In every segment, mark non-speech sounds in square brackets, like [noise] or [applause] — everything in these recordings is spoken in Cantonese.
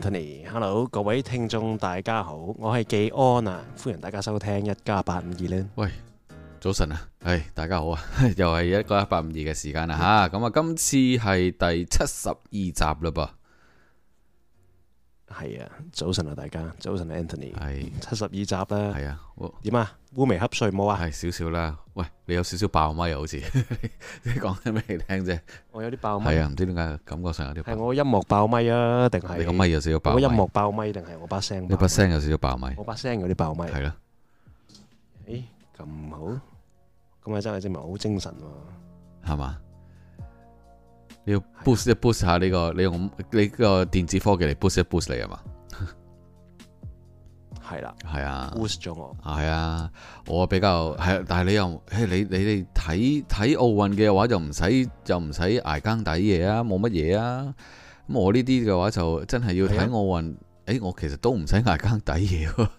Hello 各位聽眾大家好，我係紀安啊，歡迎大家收聽一家八五二咧。喂，早晨啊，誒、哎，大家好啊，又係一個一家八五二嘅時間啦吓，咁 Yeah. 啊、嗯，今次係第七十二集啦噃。係啊，早晨啊大家，早晨啊 Anthony，係七十二集啦，係啊，點啊烏眉瞌睡冇啊，係少少啦，喂你有少少爆咪啊好似，你講啲咩嚟聽啫，我有啲爆咪，係啊唔知點解感覺上有啲，係我音樂爆咪啊定係，你個咪有少少爆，我音樂爆咪定係我把聲，一把聲有少少爆咪，我把聲有啲爆咪，係啊，誒咁好，咁啊真係證明我好精神喎，係嘛？要 boost 一 boost 一下呢個，你用你個電子科技嚟 boost 一 boost 你啊嘛，係啦，係啊的的，boost 咗我，係啊，我比較係，的但係你又，誒，你你你睇睇奧運嘅話就唔使就唔使捱更抵夜啊，冇乜嘢啊，咁我呢啲嘅話就真係要睇奧運，誒的、欸，我其實都唔使捱更抵夜。 [laughs]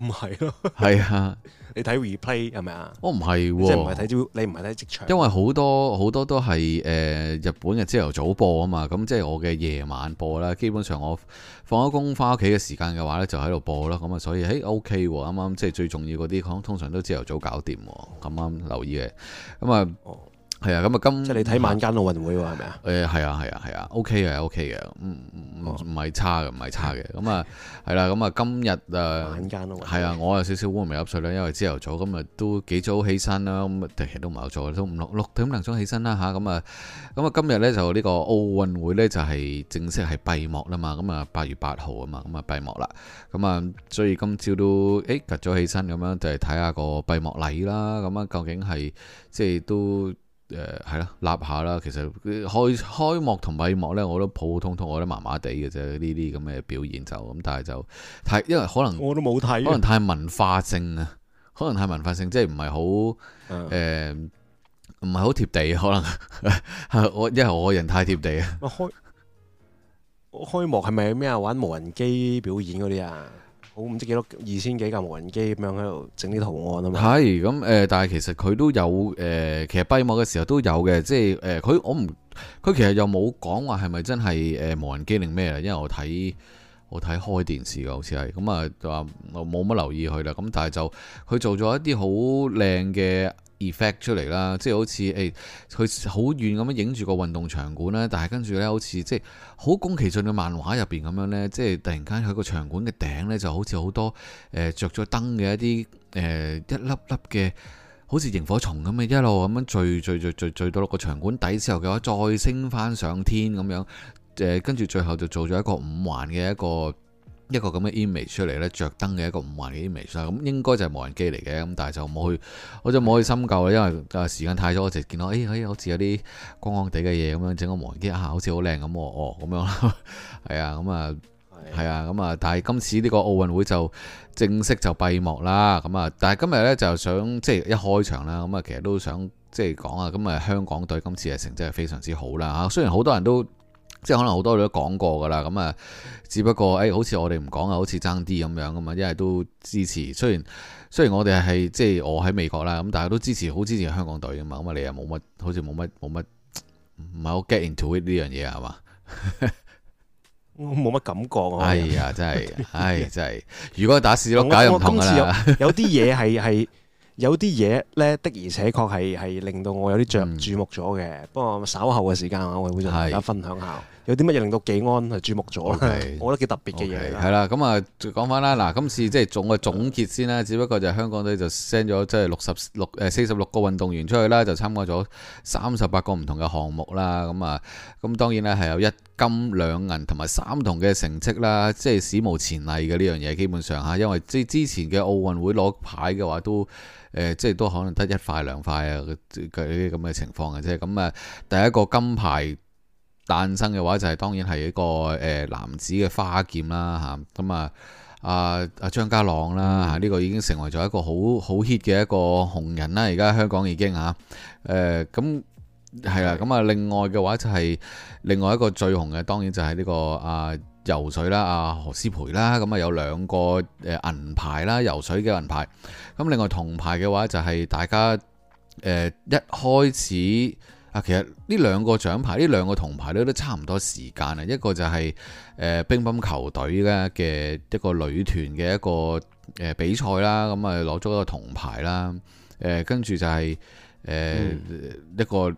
唔係咯，係啊！你睇 replay 係咪啊？我唔係，即係唔係睇你唔係睇職場。因為好多好多都係誒、呃、日本嘅朝頭早播啊嘛，咁即係我嘅夜晚播啦。基本上我放咗工返屋企嘅時間嘅話咧，就喺度播啦。咁、OK、啊，所以誒 OK 喎，啱啱即係最重要嗰啲，可能通常都朝頭早搞掂、啊。咁啱留意嘅，咁啊。哦係啊，咁、嗯、啊今即係你睇晚間奧運會喎，係咪啊？誒，係啊，係啊，係啊，O K 嘅，O K 嘅，唔唔係差嘅，唔係差嘅。咁啊，係啦，咁啊今日誒，晚間奧運會係啊，我有少少烏眉瞌睡啦，因為朝頭早咁啊都幾早起身啦，咁啊其實都唔係好早，都五六六點零鐘起身啦吓，咁啊咁啊今日咧就呢個奧運會咧就係正式係閉幕啦嘛，咁啊八月八號啊嘛，咁啊閉幕啦，咁啊所以今朝都誒趌早起身咁樣就係睇下個閉幕禮啦，咁、嗯、啊究竟係即係都。誒，係咯、呃，立下啦。其實開開幕同閉幕呢，我都普普通通，我都麻麻地嘅啫。呢啲咁嘅表演就咁，但係就睇，因為可能我都冇睇，可能太文化性啊，可能太文化性，即係唔係好誒，唔係好貼地。可能我， [laughs] 因為我個人太貼地啊。開開幕係咪咩啊？玩無人機表演嗰啲啊？我唔知幾多二千幾架無人機咁樣喺度整啲圖案啊嘛，係咁誒，但係其實佢都有誒、呃，其實閉幕嘅時候都有嘅，即係誒，佢、呃、我唔，佢其實又冇講話係咪真係誒無人機定咩啦，因為我睇我睇開電視嘅好似係，咁啊就話我冇乜留意佢啦，咁但係就佢做咗一啲好靚嘅 effect 出嚟啦，即係好似誒佢好遠咁樣影住個運動場館咧，但係跟住呢，好似即係好宮崎駿嘅漫畫入邊咁樣呢，即係突然間喺個場館嘅頂呢，就好似好多着咗、呃、燈嘅一啲誒、呃、一粒粒嘅好似螢火蟲咁樣一路咁樣聚聚聚聚，聚，聚到落個場館底之後嘅話，再升翻上天咁樣跟住、呃、最後就做咗一個五環嘅一個。一個咁嘅 image 出嚟呢，着燈嘅一個五環嘅 image 啦，咁應該就係無人機嚟嘅，咁但係就冇去，我就冇去深究啦，因為誒時間太早，我就見到，哎，可、哎、好似有啲光光地嘅嘢咁樣，整個無人機一下、啊，好似好靚咁，哦，咁樣啦，係 [laughs] 啊，咁、嗯、啊，係啊，咁、嗯、啊，但係今次呢個奧運會就正式就閉幕啦，咁啊，但係今日呢，就想即係一開場啦，咁啊，其實都想即係講啊，咁啊，香港隊今次嘅成績係非常之好啦，嚇，雖然好多人都。即係可能好多隊都講過噶啦，咁啊，只不過誒、欸，好似我哋唔講啊，好似爭啲咁樣噶嘛，因為都支持。雖然雖然我哋係即係我喺美國啦，咁但係都支持，好支持香港隊噶嘛。咁 [laughs] 啊，你又冇乜，好似冇乜冇乜，唔係好 get into 呢樣嘢係嘛？冇乜感覺。哎呀，真係，哎真係。如果打少咯，梗係唔同啦。 [laughs] 有啲嘢係係有啲嘢呢的而且確係係令到我有啲着唔注目咗嘅，嗯、不過稍後嘅時間我會同大家分享下。有啲乜嘢令到幾安係注目咗？Okay, 我覺得幾特別嘅嘢。係啦、okay，咁啊，講翻啦，嗱，今次即係總嘅總結先啦。只不過就香港隊就 send 咗即係六十六誒四十六個運動員出去啦，就參加咗三十八個唔同嘅項目啦。咁啊，咁當然咧係有一金兩銀同埋三銅嘅成績啦，即係史無前例嘅呢樣嘢。基本上嚇，因為之之前嘅奧運會攞牌嘅話都誒，即係都可能得一塊兩塊啊，嗰啲咁嘅情況嘅。啫。咁啊，第一個金牌。誕生嘅話就係、是、當然係一個誒、呃、男子嘅花劍啦嚇，咁啊，啊啊張家朗啦嚇呢、啊，這個已經成為咗一個好好 hit 嘅一個紅人啦，而家香港已經嚇誒，咁係啦，咁啊、嗯、另外嘅話就係另外一個最紅嘅當然就係呢、這個啊，游水啦，啊何詩蓓啦，咁啊、嗯、有兩個誒銀牌啦，游水嘅銀牌咁、啊、另外銅牌嘅話就係大家誒、呃、一開始。啊，其實呢兩個獎牌，呢兩個銅牌咧都差唔多時間啊，一個就係、是、誒、呃、乒乓球隊咧嘅一個女團嘅一個誒比賽啦，咁啊攞咗一個銅牌啦，誒跟住就係誒一個。呃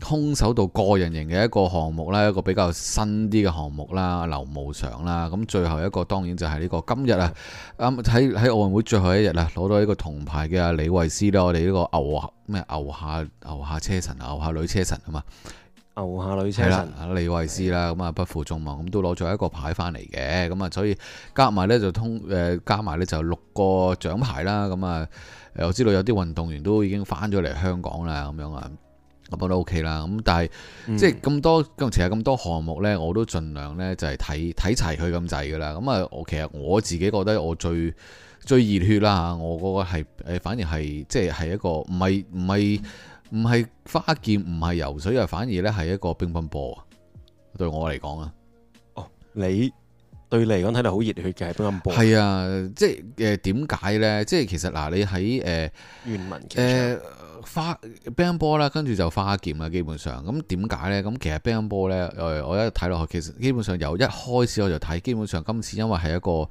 空手道個人型嘅一個項目啦，一個比較新啲嘅項目啦，劉慕裳啦。咁最後一個當然就係呢、這個今日啊，咁喺喺奧運會最後一日啊，攞到一個銅牌嘅李慧詩啦。我哋呢個牛咩牛下牛下車神，牛下女車神啊嘛，牛下女車神。李慧詩啦，咁啊的、嗯，不負眾望，咁都攞咗一個牌翻嚟嘅。咁、嗯、啊，所以加埋呢，就通誒加埋呢，就六個獎牌啦。咁、嗯、啊，我知道有啲運動員都已經翻咗嚟香港啦，咁樣啊。咁都 O K 啦，咁但係、嗯、即係咁多，咁其實咁多項目呢，我都盡量呢，就係睇睇齊佢咁滯噶啦。咁啊，我其實我自己覺得我最最熱血啦，我嗰個係誒，反而係即係係一個唔係唔係唔係花劍，唔係游水啊，反而呢係一個乒乓波啊。對我嚟講啊，哦，你對你嚟講睇到好熱血嘅係乒乓波，係啊，即係誒，點、呃、解呢？即係其實嗱、呃，你喺誒，呃、原文誒、呃。花乒乓波啦，跟住就花劍啦，基本上。咁點解呢？咁其實乒乓波呢，誒，我一睇落去，其實基本上由一開始我就睇，基本上今次因為係一個誒、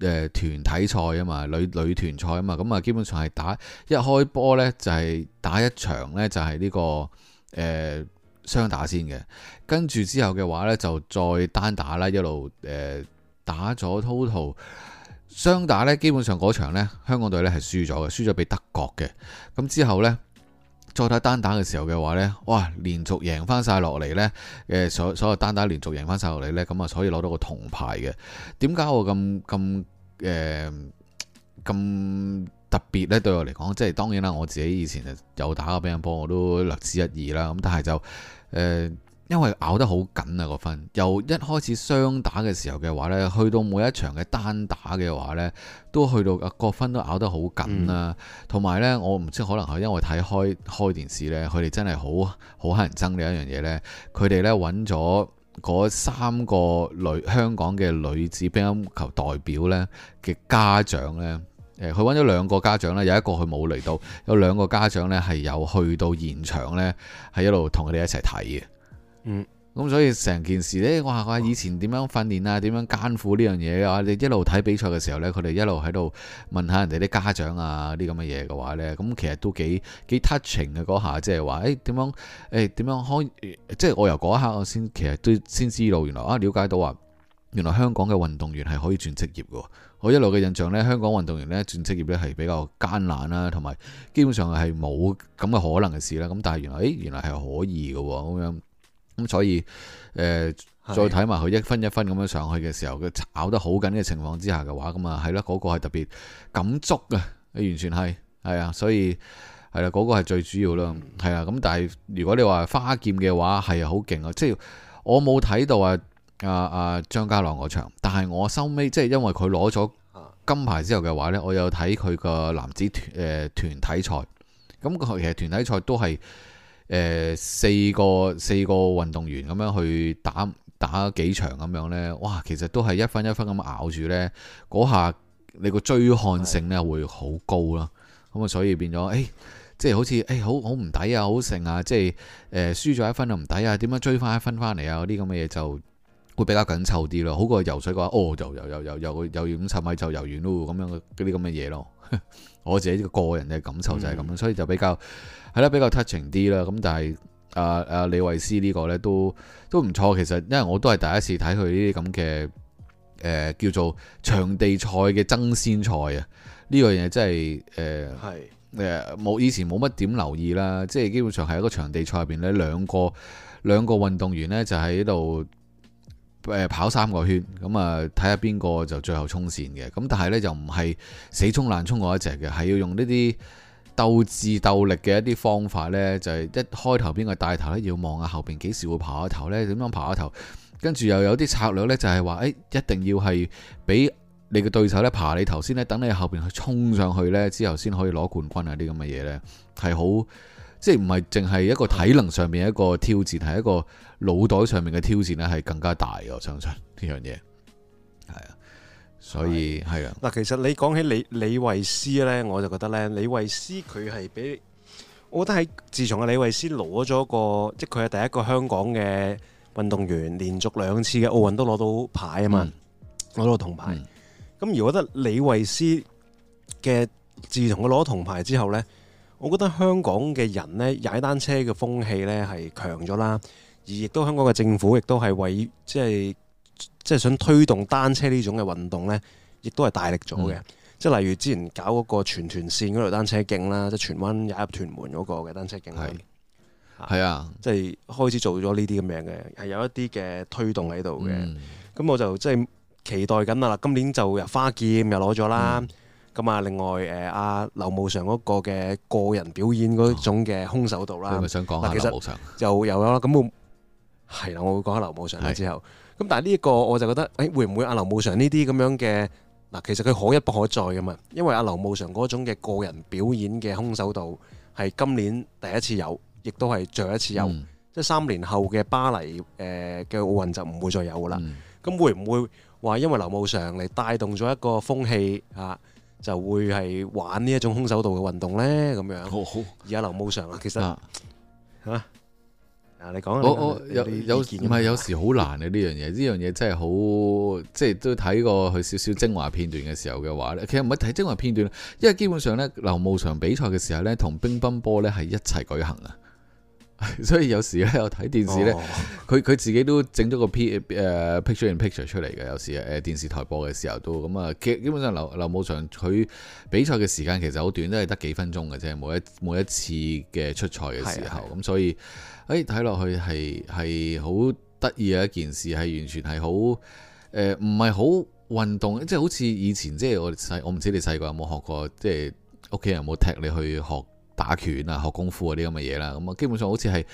呃、團體賽啊嘛，女女團賽啊嘛，咁啊基本上係打一開波呢，就係、是、打一場呢，就係、是、呢、這個誒、呃、雙打先嘅。跟住之後嘅話呢，就再單打啦，一路誒、呃、打咗 total。雙打呢，基本上嗰場呢，香港隊呢係輸咗嘅，輸咗俾德國嘅。咁之後呢。再睇單打嘅時候嘅話呢，哇！連續贏翻晒落嚟呢，誒，所所有單打連續贏翻晒落嚟呢，咁啊可以攞到個銅牌嘅。點解我咁咁誒咁特別呢？對我嚟講，即係當然啦。我自己以前就有打過乒乓波，我都略知一二啦。咁但係就誒。呃因為咬得好緊啊！個分由一開始雙打嘅時候嘅話呢，去到每一場嘅單打嘅話呢，都去到啊個分都咬得好緊啦。同埋、嗯、呢，我唔知可能係因為睇開開電視呢，佢哋真係好好乞人憎嘅一樣嘢呢。佢哋呢揾咗嗰三個女香港嘅女子乒乓球代表呢嘅家長呢，誒、呃，佢揾咗兩個家長呢。有一個佢冇嚟到，有兩個家長呢係有去到現場呢，係一路同佢哋一齊睇嘅。嗯，咁所以成件事咧，哇！我以前點樣訓練啊，點樣艱苦呢樣嘢嘅話，你一路睇比賽嘅時候呢，佢哋一路喺度問下人哋啲家長啊，啲咁嘅嘢嘅話呢，咁其實都幾幾 touching 嘅嗰下，即係話，誒點樣誒點樣開，即係我由嗰一刻我先其實都先知道，原來啊了解到話，原來香港嘅運動員係可以轉職業嘅。我一路嘅印象呢，香港運動員呢，轉職業呢係比較艱難啦，同埋基本上係冇咁嘅可能嘅事啦。咁但係原來誒、哎、原來係可以嘅咁樣。咁、嗯、所以，誒、呃、再睇埋佢一分一分咁樣上去嘅時候，佢炒得好緊嘅情況之下嘅話，咁啊係啦，嗰、嗰個係特別感觸嘅，完全係係啊，所以係啦，嗰、嗰個係最主要啦，係啊。咁但係如果你話花劍嘅話，係好勁啊，即係我冇睇到啊啊啊張家朗嗰場，但係我收尾即係因為佢攞咗金牌之後嘅話呢，我有睇佢個男子團誒、呃、團體賽，咁其實團體賽都係。誒，四個四個運動員咁樣去打打幾場咁樣咧，哇，其實都係一分一分咁咬住呢。嗰下你個追看性咧會好高啦，咁啊、嗯，所以變咗誒、欸，即係好似誒，好好唔抵啊，好剩啊，即係誒，輸、欸、咗一分啊，唔抵啊，點樣追翻一分翻嚟啊，嗰啲咁嘅嘢就會比較緊湊啲咯，好過游水嘅話，哦，就游游游游又要五十米就游完咯，咁樣嗰啲咁嘅嘢咯，我自己個個人嘅感受就係咁樣，嗯、所以就比較。係啦，比較 touching 啲啦，咁但係阿阿李慧詩呢個呢都都唔錯，其實因為我都係第一次睇佢呢啲咁嘅誒叫做場地賽嘅爭先賽啊，呢樣嘢真係誒係誒冇以前冇乜點留意啦，即係基本上係一個場地賽入邊呢兩個兩個運動員呢就喺度誒跑三個圈，咁啊，睇下邊個就最後衝線嘅，咁但係呢，就唔係死衝爛衝嗰一隻嘅，係要用呢啲。鬥智鬥力嘅一啲方法呢，就係、是、一開頭邊個帶頭呢，要望下後邊幾時會爬下頭呢，點樣爬下頭？跟住又有啲策略呢，就係話誒，一定要係俾你嘅對手呢爬你頭先呢，等你後邊去衝上去呢，之後先可以攞冠軍啊啲咁嘅嘢呢，係好即係唔係淨係一個體能上面一個挑戰，係、嗯、一個腦袋上面嘅挑戰呢，係更加大嘅。我相信呢樣嘢係啊。所以係啊，嗱，其實你講起李李慧詩咧，我就覺得咧，李慧詩佢係俾，我覺得喺自從阿李慧詩攞咗個，即佢係第一個香港嘅運動員，連續兩次嘅奧運都攞到牌啊嘛，攞、嗯、到銅牌。咁、嗯、而我覺得李慧詩嘅自從佢攞銅牌之後咧，我覺得香港嘅人咧踩單車嘅風氣咧係強咗啦，而亦都香港嘅政府亦都係為即係。即係想推動單車呢種嘅運動呢，亦都係大力咗嘅。嗯、即係例如之前搞嗰個全團線嗰條單車徑啦，即係荃灣入入屯門嗰個嘅單車徑係，係是啊，是啊即係開始做咗呢啲咁樣嘅，係有一啲嘅推動喺度嘅。咁、嗯、我就即係期待緊啊！嗱，今年就入花劍又攞咗啦。咁、嗯、啊，另外誒，阿劉慕常劉慕裳嗰個嘅個人表演嗰種嘅空手道啦，哦、想講下其實又有啦。咁我係啦，我會講下劉慕裳之後。咁但係呢一個我就覺得，誒、欸、會唔會阿、啊、劉慕常呢啲咁樣嘅，嗱，其實佢可一不可再嘅嘛，因為阿、啊、劉慕常嗰種嘅個人表演嘅空手道係今年第一次有，亦都係最後一次有，嗯、即係三年後嘅巴黎誒嘅、呃、奧運就唔會再有嘅啦。咁、嗯、會唔會話因為劉慕常嚟帶動咗一個風氣嚇、啊，就會係玩呢一種空手道嘅運動呢？咁樣？而家劉慕常啊，其實、啊嗱，你講啦、這個。我我有有唔係有時好難嘅呢樣嘢，呢樣嘢真係好，即係都睇過佢少少精華片段嘅時候嘅話咧。其實唔係睇精華片段，因為基本上咧，劉慕祥比賽嘅時候咧，同乒乓波咧係一齊舉行啊。所以有時咧，我睇電視咧，佢佢、哦、自己都整咗個 P 誒、uh, picture in picture 出嚟嘅。有時誒電視台播嘅時候都咁啊。其實基基本上劉劉慕祥佢比賽嘅時間其實好短，都係得幾分鐘嘅啫。每一每一次嘅出賽嘅時候，咁的所以。誒睇落去係係好得意嘅一件事，係完全係好誒唔係好運動，即係好似以前即係我哋細我唔知你細個有冇學過，即係屋企人有冇踢你去學。打拳啊，學功夫嗰啲咁嘅嘢啦，咁啊基本上好似係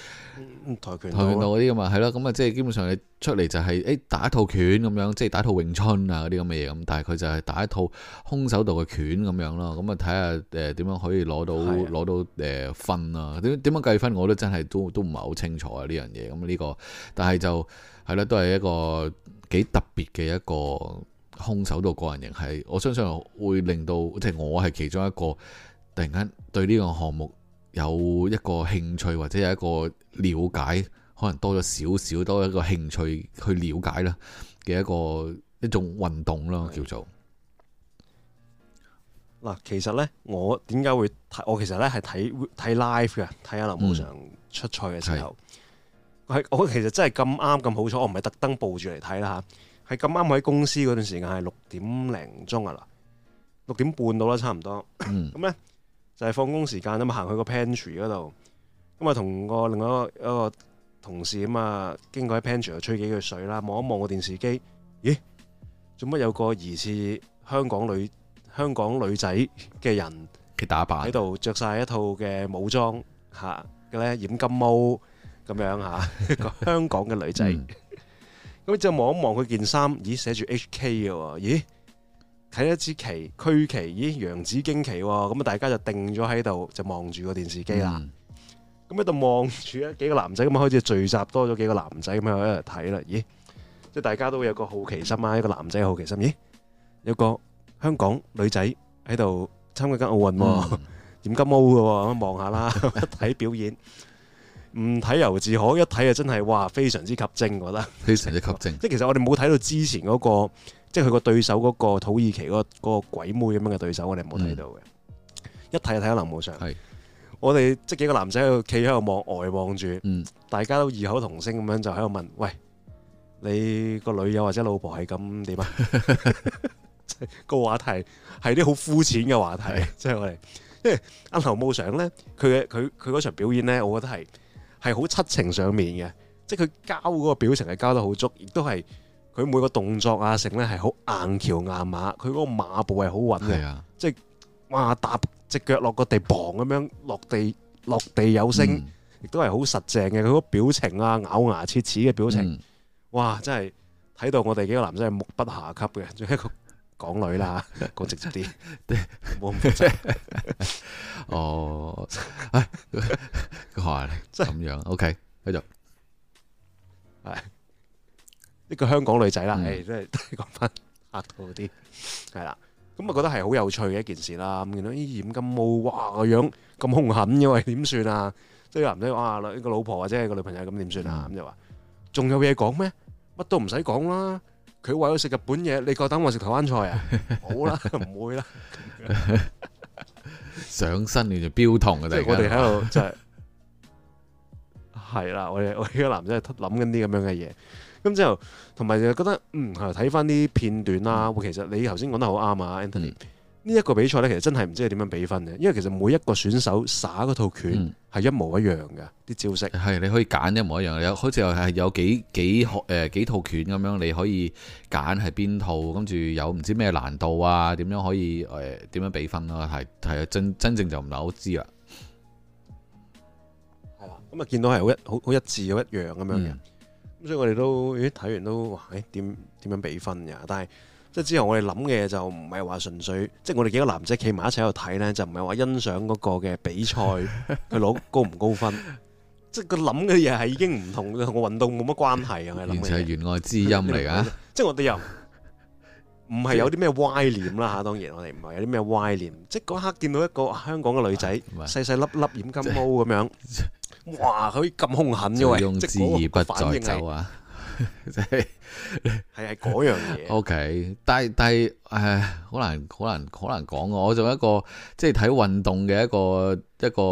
跆拳道嗰啲咁嘛，係咯，咁啊即係基本上你出嚟就係誒打一套拳咁樣，即係打一套詠春啊嗰啲咁嘅嘢咁，但係佢就係打一套空手道嘅拳咁樣咯，咁啊睇下誒點樣可以攞到攞到誒分啊？點點樣計分我都真係都都唔係好清楚啊呢樣嘢，咁呢個但係就係啦，都係一個幾特別嘅一個空手道個人形係，我相信會令到即係我係其中一個。突然間對呢個項目有一個興趣，或者有一個了解，可能多咗少少，多一個興趣去了解啦嘅一個一種運動啦，的叫做嗱。其實呢，我點解會睇？我其實呢係睇睇 live 嘅，睇下伍家朗出賽嘅時候，係、嗯、我其實真係咁啱咁好彩，我唔係特登報住嚟睇啦嚇，係咁啱喺公司嗰段時間係六點零鐘啊啦，六點半到啦，差唔多咁咧。嗯就係放工時間咁行去個 pantry 嗰度，咁啊同個另外一個同事咁啊，經過喺 pantry 吹幾句水啦，望一望個電視機，咦？做乜有個疑似香港女香港女仔嘅人嘅打扮喺度，着晒一套嘅武裝吓，嘅咧 [laughs] 染金毛咁樣吓，香港嘅女仔。咁、 [laughs] [laughs] 嗯、就望一望佢件衫，咦，寫住 HK 喎，咦？睇一支旗，區旗，咦？洋紫荊旗喎，咁啊，大家就定咗喺度，就望住個電視機啦。咁喺度望住咧，幾個男仔咁啊，開始聚集多咗幾個男仔咁喺度一嚟睇啦。咦，即係大家都有個好奇心啊，一個男仔嘅好奇心。咦，有個香港女仔喺度參加緊奧運喎，贏金毛嘅喎，望下啦，一睇表演。唔睇尤志可，一睇就真係哇，非常之吸睛，我覺得。非常之吸睛，即係其實我哋冇睇到之前嗰個，即係佢個對手嗰個土耳其嗰個鬼妹咁樣嘅對手，我哋冇睇到嘅。一睇就睇阿劉慕裳，我哋即係幾個男仔喺度企喺度望，呆望住，大家都異口同聲咁樣就喺度問，喂，你個女友或者老婆係咁點啊？個話題係啲好膚淺嘅話題，即係我哋，即係阿劉慕裳咧，佢嘅佢佢嗰場表演咧，我覺得係。係好七情上面嘅，即係佢交嗰個表情係交得好足，亦都係佢每個動作啊，成咧係好硬橋硬馬，佢嗰個馬步係好穩嘅，的即係哇踏隻腳落個地磅咁樣落地落地有聲，亦都係好實淨嘅。佢嗰個表情啊，咬牙切齒嘅表情，嗯、哇真係睇到我哋幾個男仔係目不暇給嘅，仲一個港女啦，講直接啲，冇咁即係，哦，係咁樣，OK，繼續，係一個香港女仔啦，誒，即係講翻吓到啲，係啦，咁啊覺得係好有趣嘅一件事啦，咁見到咦染金毛，哇個樣咁凶狠嘅，喂點算啊？即係男仔話啦，呢個老婆或者係個女朋友咁點算啊？咁就話仲有嘢講咩？乜都唔使講啦。佢為咗食日本嘢，你覺得我食台灣菜啊？好啦， [laughs] 唔會啦。上身你就標痛嘅地，我哋喺度真係係 [laughs] [laughs] 啦。我哋我呢個男仔係諗緊啲咁樣嘅嘢，咁之後同埋又覺得嗯，睇翻啲片段啦。其實你頭先講得好啱啊，Anthony。嗯嗯呢一個比賽咧，其實真係唔知係點樣比分嘅，因為其實每一個選手耍嗰套拳係一模一樣嘅，啲、嗯、招式係你可以揀一模一樣，有好似係有幾幾誒、呃、幾套拳咁樣，你可以揀係邊套，跟住有唔知咩難度啊，點樣可以誒點樣比分咯，係係真真正就唔係好知啦，係啊，咁啊見到係好一好好一致好一樣咁樣嘅，咁、嗯、所以我哋都睇完都話，誒點點樣比分噶？但係。即係之後，我哋諗嘅嘢就唔係話純粹，即係我哋幾個男仔企埋一齊喺度睇呢，就唔係話欣賞嗰個嘅比賽佢攞高唔高分，即係佢諗嘅嘢係已經唔同同個運動冇乜關係嘅諗嘅。完全係弦外之音嚟嘅，即係我哋又唔係有啲咩歪念啦嚇。當然我哋唔係有啲咩歪念，即係嗰刻見到一個香港嘅女仔細細粒粒染金毛咁樣，哇！佢咁兇狠嘅，無庸置疑不在酒啊！就係係係嗰樣嘢。 [laughs] o、okay, K，但係但係誒，好難好難好難講。我作為一個即係睇運動嘅一個一個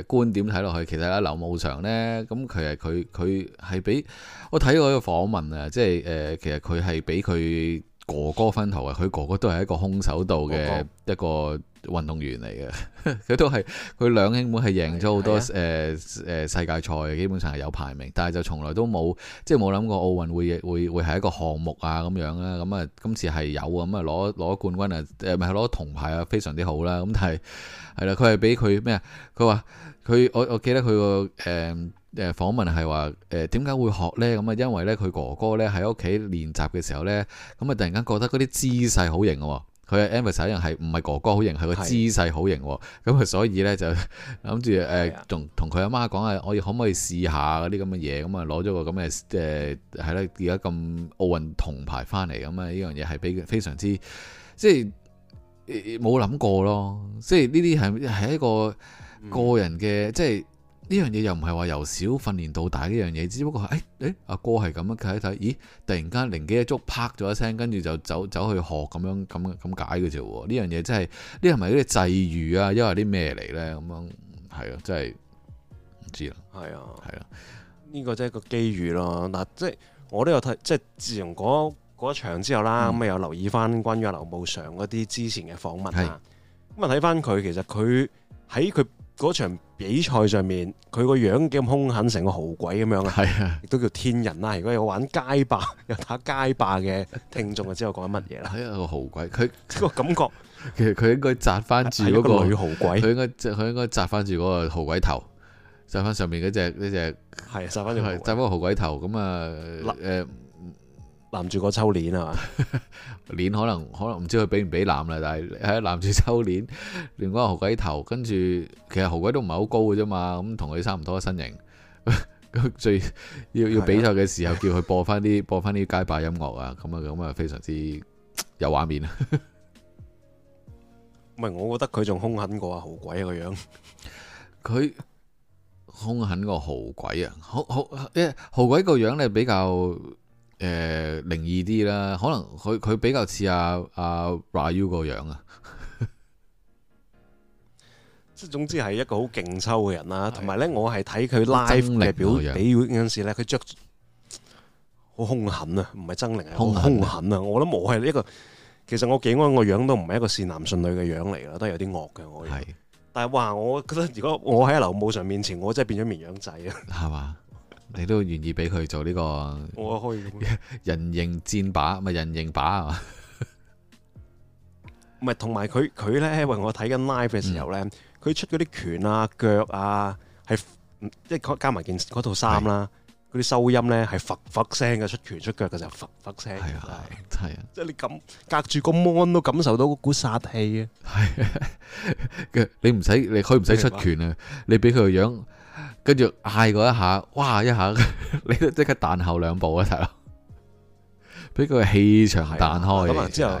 誒觀點睇落去，其實阿劉慕裳呢，咁佢係佢佢係俾我睇過一個訪問啊，即係誒，其實佢係俾佢。哥哥分頭嘅，佢哥哥都係一個空手道嘅一個運動員嚟嘅，佢哥 [laughs] 都係佢兩兄妹係贏咗好多誒誒的、呃、世界賽，基本上係有排名，但係就從來都冇即係冇諗過奧運會會會係一個項目啊咁樣啦，咁啊今次係有咁啊攞攞冠軍啊誒唔係攞銅牌啊，非常之好啦，咁但係係啦，佢係俾佢咩啊？佢話佢我我記得佢個誒。呃誒訪問係話誒點解會學呢？咁啊，因為咧佢哥哥咧喺屋企練習嘅時候呢，咁啊突然間覺得嗰啲姿勢好型喎。佢 Amos 仔人係唔係哥哥好型，係個姿勢好型喎。咁啊的，所以呢，就諗住誒，同同佢阿媽講啊，我可唔可以試下嗰啲咁嘅嘢？咁啊攞咗個咁嘅誒係啦，而家咁奧運銅牌返嚟咁啊，呢樣嘢係比非常之即係冇諗過咯。即係呢啲係係一個個人嘅即係。嗯呢樣嘢又唔係話由小訓練到大呢樣嘢，只不過係誒誒，阿哥係咁啊睇一睇，咦，突然間靈機一觸，啪咗一聲，跟住就走走去學咁樣咁咁解嘅啫。呢樣嘢真係，呢係咪啲際遇啊，因為啲咩嚟呢？咁樣係啊，真係唔知啦。係啊，係啦，呢個真係個機遇咯。嗱，即係我都有睇，即係自從嗰嗰場之後啦，咁啊有留意翻關於劉慕裳嗰啲之前嘅訪問啊。咁啊睇翻佢，其實佢喺佢。嗰場比賽上面，佢個樣咁兇狠，成個豪鬼咁樣啊！係啊，都叫天人啦。如果有玩街霸，又打街霸嘅聽眾就知道我講緊乜嘢啦。係一個豪鬼，佢個感覺其實佢應該紮翻住嗰個女豪鬼，佢應該佢應該紮翻住嗰個豪鬼頭，紮翻上面嗰隻呢只係紮翻住佢，紮翻豪鬼頭咁啊誒。呃攬住個抽鏈啊嘛，鏈可能可能唔知佢俾唔俾攬啦，但係喺攬住抽鏈，連個豪鬼頭，跟住其實豪鬼都唔係好高嘅啫嘛，咁同佢差唔多身形，最要要比賽嘅時候叫佢播翻啲播翻啲街霸音樂啊，咁啊咁啊非常之有畫面啊。唔係，我覺得佢仲兇狠過啊豪鬼啊個樣，佢兇狠過豪鬼啊，好好，因為豪鬼個樣咧比較。誒，靈異啲啦，可能佢佢比較似阿阿 Rayu 個樣啊。即、啊、係、啊、 [laughs] 總之係一個好勁抽嘅人啦，同埋咧，我係睇佢 live 嚟，表表演嗰陣時咧，佢着好凶狠啊，唔係猙獰啊，好凶，凶狠啊！我覺得我係呢個，其實我幾安個樣都唔係一個善男信女嘅樣嚟啦，都有啲惡嘅我。係的，但係話我覺得如果我喺劉武常面前，我真係變咗綿羊仔啊，係嘛？你都願意俾佢做呢個？我可以人形戰靶咪人形靶啊？唔係，同埋佢佢咧，我睇緊 live 嘅時候咧，佢出嗰啲拳啊、腳啊，係即係加加埋件嗰套衫啦，嗰啲收音咧係拂拂聲嘅，出拳出腳嘅時候拂拂聲，係啊，係啊，即係你咁隔住個 mon 都感受到嗰股殺氣嘅，係嘅，你唔使你佢唔使出拳啊，你俾佢個樣。跟住嗌嗰一下，哇！一下 [laughs] 你都即刻彈後兩步啊，大佬！俾佢氣場彈開。咁之後，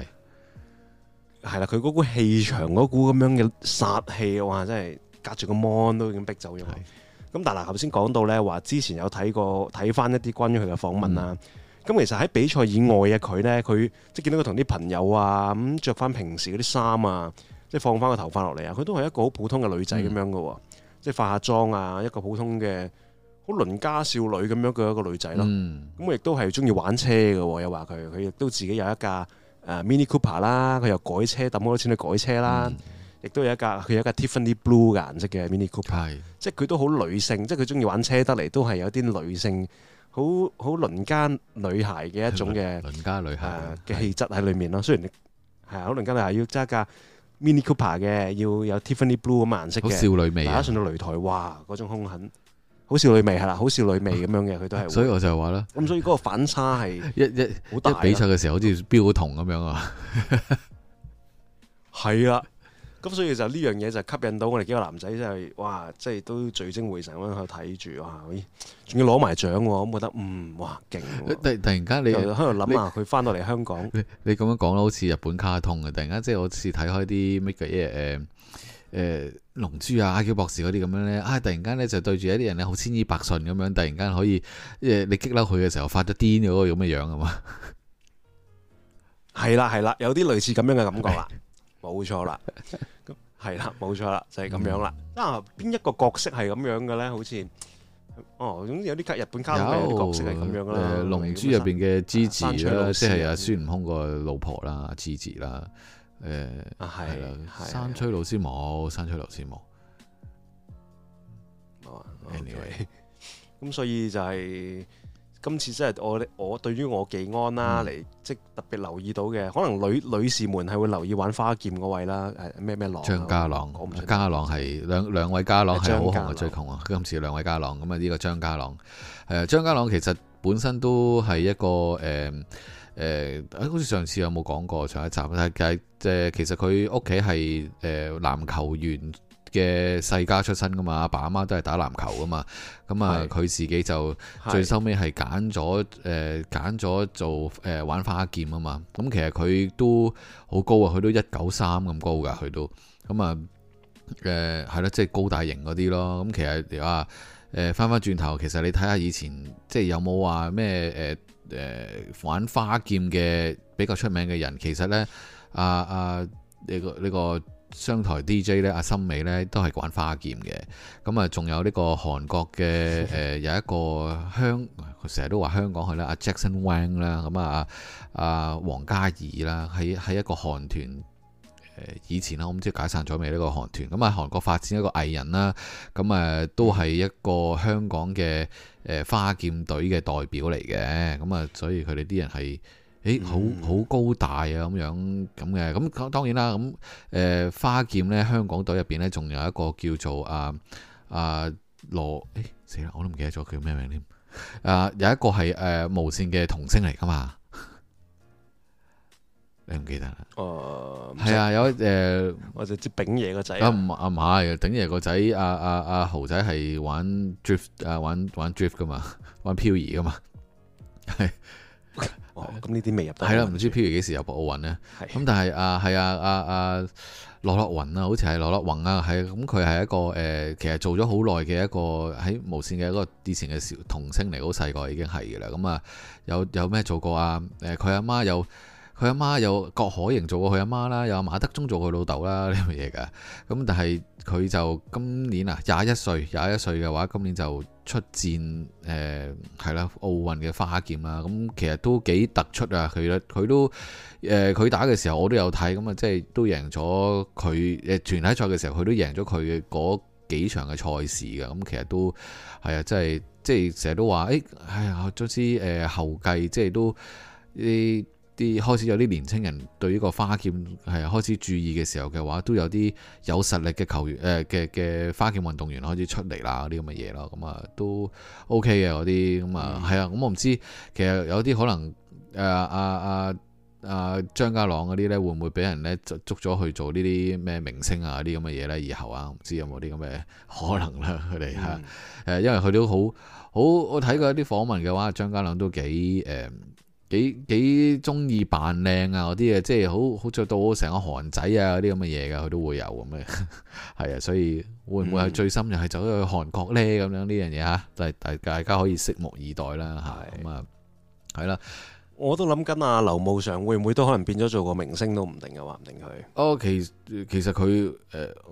係啦是，佢嗰、啊、股氣場，嗰股咁樣嘅殺氣，哇！真係隔住個 mon 都已經逼走咗。咁是但係頭先講到咧，話之前有睇過睇翻一啲關於佢嘅訪問啊。咁、嗯、其實喺比賽以外嘅佢咧，佢即係見到佢同啲朋友啊，咁着翻平時嗰啲衫啊，即係放翻個頭髮落嚟啊，佢都係一個好普通嘅女仔咁樣噶喎。嗯即係化下妝啊，一個普通嘅好鄰家少女咁樣嘅一個女仔咯。咁我亦都係中意玩車嘅，又話佢佢亦都自己有一架誒、呃、Mini Cooper 啦，佢又改車抌好多錢去改車啦。亦都、嗯、有一架佢有，有一架 Tiffany Blue 嘅顏色嘅 Mini Cooper，是即係佢都好女性，即係佢中意玩車得嚟都係有啲女性好好鄰家女孩嘅一種嘅鄰家女孩嘅、呃、氣質喺裡面咯。是雖然係好鄰家女孩，要揸架，Mini Cooper 嘅要有 Tiffany Blue 咁嘅顏色嘅，好少女味，大家上到擂台，哇，嗰種兇狠，好少女味係啦，好少女味咁樣嘅，佢 [laughs] 都係， [laughs] 所以我就話啦，咁 [laughs] 所以嗰個反差係 [laughs] 一一一好大，比賽嘅時候，好似標銅咁樣啊，係 [laughs] 啊。咁所以就呢樣嘢就吸引到我哋幾個男仔，就係，就係哇，即係都聚精會神咁去睇住，哇咦，仲要攞埋獎喎！咁覺得嗯，哇勁！突突然間你喺度諗下，佢翻到嚟香港，你咁樣講啦，好似日本卡通嘅，突然間即係好似睇開啲乜嘅嘢誒誒龍珠啊、IQ 博士嗰啲咁樣咧，啊突然間咧就對住一啲人咧好千依百順咁樣，突然間可以誒、呃、你激嬲佢嘅時候發咗癲嗰個咁嘅樣啊嘛，係啦係啦，有啲類似咁樣嘅感覺啦，冇、哎、錯啦。係啦，冇錯啦，就係咁樣啦。嗯，啊，邊一個角色係咁樣嘅咧？好似哦，總之有啲日本卡通有啲角色係咁樣啦。誒，呃，龍珠入邊嘅芝芝啦，即係啊，孫悟空個老婆啦，芝芝啦。誒，呃，啊，係啦，山吹老師冇，山吹老師冇。anyway，咁所以就係。今次真係我我對於我技安啦嚟，嗯、即特別留意到嘅，可能女女士們係會留意玩花劍嗰位啦，誒咩咩郎張家朗，張嗎家朗係兩兩位家朗係好紅嘅最紅啊！今次兩位家朗咁啊，呢、嗯這個張家朗誒、呃，張家朗其實本身都係一個誒誒，好、呃、似、呃、上次有冇講過上一集咧，即係其實佢屋企係誒籃球員。嘅世家出身噶嘛，阿爸阿媽都係打籃球噶嘛，咁、嗯、是啊佢自己就最收尾係揀咗誒揀咗做誒、呃、玩花劍啊嘛，咁、嗯、其實佢都好高啊，佢都一九三咁高噶佢都，咁啊誒係咯，即係高大型嗰啲咯，咁、嗯、其實你話誒翻翻轉頭，其實你睇下以前即係有冇話咩誒誒玩花劍嘅比較出名嘅人，其實呢啊啊呢個呢、呃呃這個。這個這個這個商台 DJ 呢，阿森美呢，都係玩花劍嘅，咁啊，仲有呢個韓國嘅誒、呃，有一個香，成日都話香港去啦，阿 Jackson Wang 啦，咁啊，阿王嘉爾啦，係係一個韓團以前啦，我唔知解散咗未呢個韓團，咁、嗯、啊，韓國發展一個藝人啦，咁啊，都係一個香港嘅誒、呃、花劍隊嘅代表嚟嘅，咁啊，所以佢哋啲人係。誒，好好高大啊，咁樣咁嘅，咁當然啦，咁、嗯、誒花劍咧，香港隊入邊咧，仲有一個叫做啊啊羅誒死啦，我都唔記得咗叫咩名添，啊有一個係誒、呃、無線嘅童星嚟噶嘛，你唔記得啦？哦，係、嗯嗯、啊，有誒，呃、我就知炳爺個仔啊，唔啊唔係，炳爺個仔，阿阿阿豪仔係玩 drift 啊，玩玩 drift 噶嘛，玩漂移噶嘛，係。咁呢啲未入到，到，係啦，唔知譬如幾時入播奧運呢？咁的但係啊，係啊，啊啊，羅樂雲啊，好似係羅樂雲啊，係咁佢係一個誒，其實做咗好耐嘅一個喺無線嘅一個以前嘅小童星嚟，好細個已經係嘅啦。咁、嗯、啊，有有咩做過啊？誒，佢阿媽有佢阿媽,媽有郭可盈做過佢阿媽啦，有馬德鐘做佢老豆啦呢樣嘢㗎。咁、嗯、但係佢就今年啊，廿一歲，廿一歲嘅話，今年就。出戰誒係啦，奧運嘅花劍啦，咁、嗯、其實都幾突出啊！佢咧，佢都誒佢、呃、打嘅時、嗯、時候，我都有睇，咁啊，即係都贏咗佢誒團體賽嘅時候，佢都贏咗佢嘅嗰幾場嘅賽事嘅，咁、嗯、其實都係啊！即係即係成日都話，誒係啊，總之誒、呃、後繼即係都你。欸啲開始有啲年青人對呢個花劍係開始注意嘅時候嘅話，都有啲有實力嘅球員誒嘅嘅花劍運動員開始出嚟啦，啲咁嘅嘢咯，咁啊都 OK 嘅嗰啲，咁啊係啊，咁我唔知其實有啲可能誒啊啊啊張家朗嗰啲咧會唔會俾人咧捉捉咗去做呢啲咩明星啊啲咁嘅嘢咧？以後啊，唔知有冇啲咁嘅可能啦，佢哋嚇誒，因為佢都好好，我睇過一啲訪問嘅話，張家朗都幾誒。幾幾中意扮靚啊？嗰啲啊，即係好好着到成個韓仔啊，嗰啲咁嘅嘢噶，佢都會有咁嘅係啊。所以會唔會係最深又係走咗去韓國呢？咁樣呢樣嘢吓，都係大大家可以拭目以待啦吓。咁係啊，係啦，我都諗緊啊。劉慕裳會唔會都可能變咗做個明星都唔定嘅，話唔定佢哦。其其實佢誒，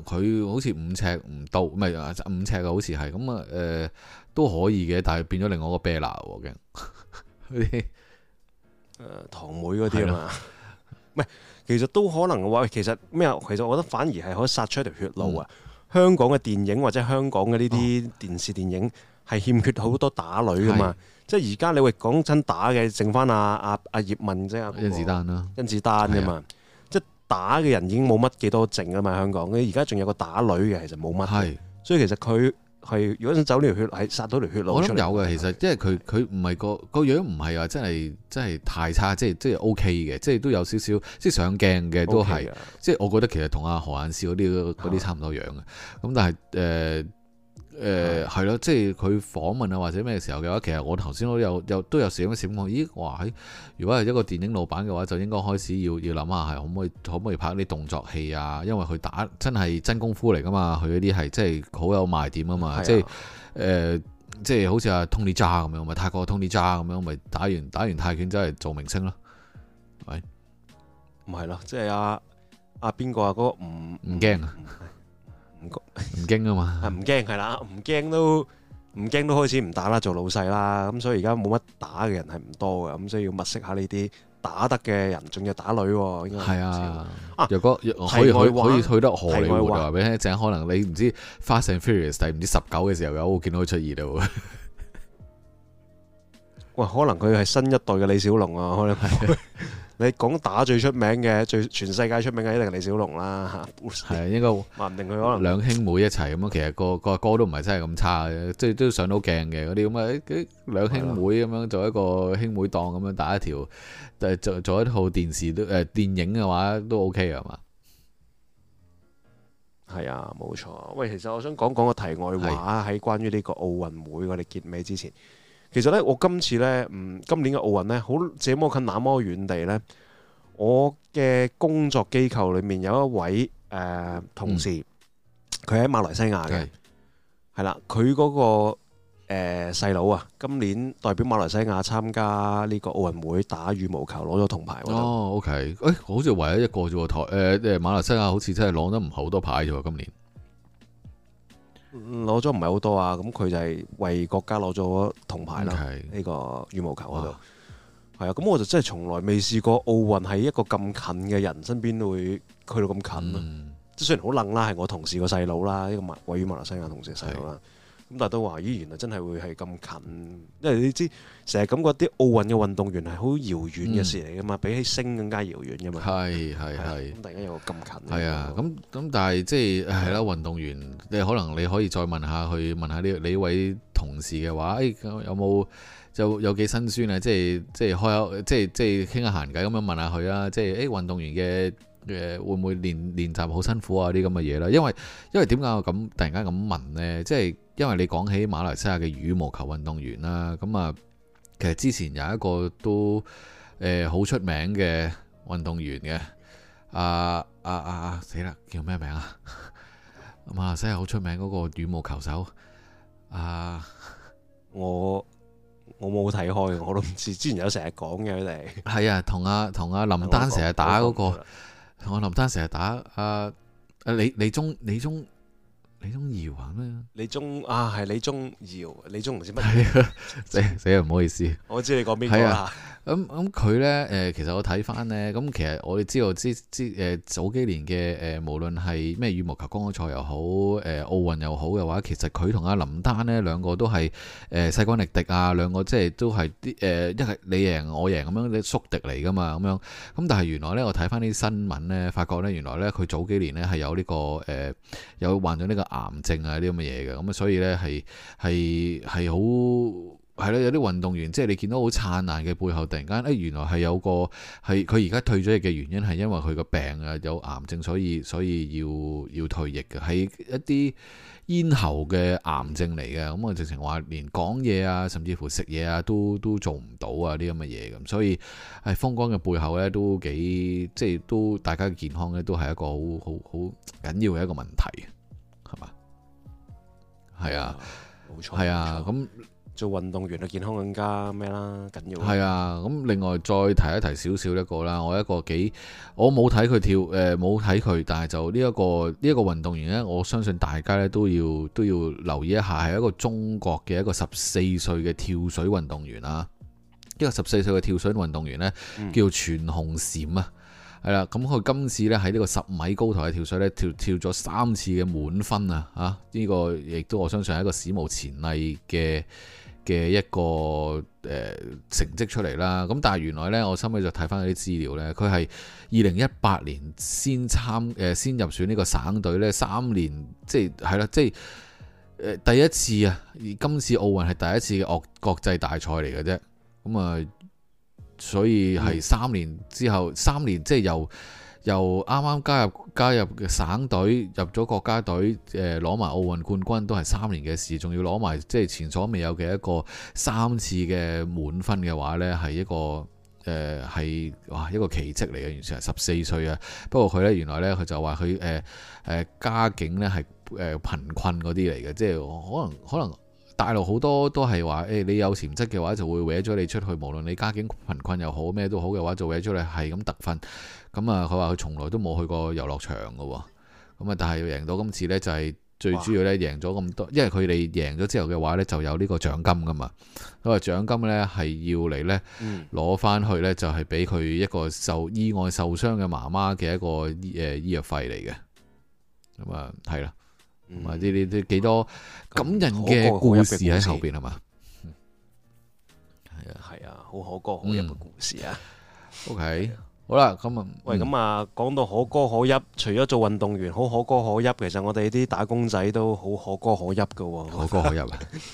佢、呃、好似五尺唔到，唔係五尺啊，好似係咁啊。誒、呃，都可以嘅，但係變咗另外一個 baller 嘅。堂妹嗰啲啊嘛，唔係，其實都可能嘅話，其實咩啊？其實我覺得反而係可以殺出一條血路啊！嗯、香港嘅電影或者香港嘅呢啲電視電影係、哦、欠缺好多打女噶嘛，是的 即係而家你會講真打嘅，剩翻阿阿阿葉問即係甄子丹啦，甄子丹啫嘛，是的 即係打嘅人已經冇乜幾多剩啦嘛，香港，而家仲有個打女嘅其實冇乜，所以其實佢。係如果想走呢條血，係殺到條血路。血路我諗有嘅，的其實因為佢佢唔係個的個樣，唔係話真係真係太差，即係即係 O K 嘅，即係、OK、都有少少即係上鏡嘅都係，即係、OK、的我覺得其實同阿何雁詩嗰啲啲差唔多樣嘅，咁、啊、但係誒。呃誒係咯，即係佢訪問啊，或者咩時候嘅話，其實我頭先都有有都有攝影師講，咦，哇如果係一個電影老闆嘅話，就應該開始要要諗下係可唔可以可唔可以拍啲動作戲啊？因為佢打真係真功夫嚟㗎嘛，佢嗰啲係即係好有賣點啊嘛，是的 即係誒、呃，即係好似阿、啊、Tony Jaa 咁樣，咪泰國 Tony Jaa 咁樣，咪打完打完泰拳即係做明星咯，係、哎、咪？係咯，即係阿阿邊個阿哥唔唔驚啊？啊啊唔驚啊嘛，唔驚係啦，唔驚都唔驚都開始唔打啦，做老細啦，咁所以而家冇乜打嘅人係唔多㗎，咁所以要物色下呢啲打得嘅人，仲要打女，哦，應該係啊。啊若果可以去可以去得荷里活，正可能你唔知《Fast and Furious》係唔知十九嘅時候有冇見到佢出現到？喂， [laughs] 可能佢係新一代嘅李小龍啊！可能 [laughs] [laughs] 你講打最出名嘅最全世界出名嘅一定係李小龍啦，係啊，應該話唔定佢可能兩兄妹一齊咁樣。其實個個歌都唔係真係咁差嘅，即係都上到鏡嘅嗰啲咁嘅，兩兄妹咁樣做一個兄妹檔咁樣打一條，誒的做做一套電視都誒、呃、電影嘅話都 OK 係嘛？係啊，冇錯。喂，其實我想講講個題外話喺的關於呢個奧運會我哋結尾之前。其實咧，我今次咧，嗯，今年嘅奧運咧，好，這麼近那麼遠地咧，我嘅工作機構裏面有一位誒、呃、同事，佢喺、嗯、馬來西亞嘅，係啦是，佢嗰、那個誒細佬啊，今年代表馬來西亞參加呢個奧運會打羽毛球攞咗銅牌。哦，OK，誒、欸，好似唯一一個啫喎台誒誒，馬來西亞好似真係攞得唔好多牌啫喎，今年。攞咗唔係好多啊，咁佢就係為國家攞咗銅牌啦。呢、嗯、個羽毛球嗰度，係啊，咁我就真係從來未試過奧運喺一個咁近嘅人身邊會去到咁近啊。即係、嗯、雖然好冷啦，係我同事個細佬啦，呢個位於馬來西亞同事嘅細佬啦。咁但都話，咦原來真係會係咁近，因為你知成日感覺啲奧運嘅運動員係好遙遠嘅事嚟噶嘛，嗯、比起星更加遙遠嘅嘛。係係係。咁、嗯、突然間又咁近。係啊，咁咁以但係即係係啦，嗯、運動員，你可能你可以再問下佢，問下呢呢位同事嘅話，誒、嗯哎、有冇就有幾辛酸啊？即係即係開口，即係即係傾下閒偈咁樣問下佢啊！即係誒、哎、運動員嘅。誒，會唔會練練習好辛苦啊？啲咁嘅嘢啦，因為因為點解我咁突然間咁問呢？即係因為你講起馬來西亞嘅羽毛球運動員啦，咁啊，其實之前有一個都誒好出名嘅運動員嘅，啊啊啊死啦！叫咩名啊？馬來西亞好出名嗰個羽毛球手，啊，我我冇睇開，我都唔知。 [laughs] 之前有成日講嘅佢哋，係啊，同阿同阿林丹成日打嗰個。我林丹成日打啊，阿李李宗李宗李宗堯啊咩？李宗啊係李宗堯，李宗唔、啊、知乜、啊，死死唔好意思。我知你講邊個啦。咁咁佢呢，誒、嗯，其實我睇翻呢。咁其實我哋知道之之誒早幾年嘅誒，無論係咩羽毛球公開賽又好，誒奧運又好嘅話，其實佢同阿林丹呢兩個都係誒勢均力敵啊，兩個即係都係啲誒，一係你贏我贏咁樣你宿敵嚟噶嘛，咁樣。咁但係原來呢，我睇翻啲新聞呢，發覺呢，原來呢，佢早幾年呢係有呢、呢個誒、呃，有患咗呢個癌症啊呢咁嘅嘢嘅，咁、嗯、所以呢，係係係好。係啦，有啲運動員即係你見到好燦爛嘅背後，突然間，哎，原來係有個係佢而家退咗役嘅原因，係因為佢個病啊，有癌症，所以所以要要退役嘅，係一啲咽喉嘅癌症嚟嘅。咁啊，直情話連講嘢啊，甚至乎食嘢啊，都都做唔到啊啲咁嘅嘢咁。所以喺、哎、風光嘅背後呢，都幾即係都大家嘅健康呢，都係一個好好好緊要嘅一個問題，係嘛？係啊，冇錯，係啊，咁。做運動員嘅健康更加咩啦緊要。係啊，咁另外再提一提少少一個啦。我一個幾，我冇睇佢跳，誒冇睇佢，但係就呢、這、一個呢一、這個運動員呢，我相信大家咧都要都要留意一下，係一個中國嘅一個十四歲嘅跳水運動員啊。一個十四歲嘅跳水運動員呢，叫全紅嬋、嗯、啊，係啦。咁佢今次呢，喺呢個十米高台嘅跳水呢，跳跳咗三次嘅滿分啊！啊，呢、這個亦都我相信係一個史無前例嘅。嘅一個誒、呃、成績出嚟啦，咁但係原來呢，我心尾就睇翻啲資料呢，佢係二零一八年先參誒、呃、先入選呢個省隊呢，三年即係係啦，即係第一次啊！而今次奧運係第一次嘅國際大賽嚟嘅啫，咁、嗯、啊，所以係三年之後、嗯、三年即係由。又啱啱加入加入嘅省隊，入咗國家隊，誒攞埋奧運冠軍都係三年嘅事，仲要攞埋即係前所未有嘅一個三次嘅滿分嘅話呢係一個誒係、呃、哇一個奇蹟嚟嘅，完全係十四歲啊！不過佢呢，原來呢，佢就話佢誒誒家境呢係誒貧困嗰啲嚟嘅，即係可能可能大陸好多都係話誒你有潛質嘅話就會搲咗你出去，無論你家境貧困又好咩都好嘅話就搲咗你。」係咁得分。咁啊，佢話佢從來都冇去過遊樂場噶，咁啊，但係要贏到今次呢，就係最主要呢，贏咗咁多，哇因為佢哋贏咗之後嘅話呢，就有呢個獎金噶嘛。因為獎金呢係要嚟呢，攞翻去呢，就係俾佢一個受意外受傷嘅媽媽嘅一個、呃、醫誒醫藥費嚟嘅。咁、嗯、啊，係啦、嗯，同埋啲啲都幾多感人嘅故事喺後邊係嘛？係啊係啊，好可歌好可泣嘅故事啊。O K、嗯。Okay, 好啦，咁、嗯、啊，喂，咁啊，講到可歌可泣，除咗做運動員好可歌可泣，其實我哋啲打工仔都好可歌可泣噶、哦。可歌可泣啊！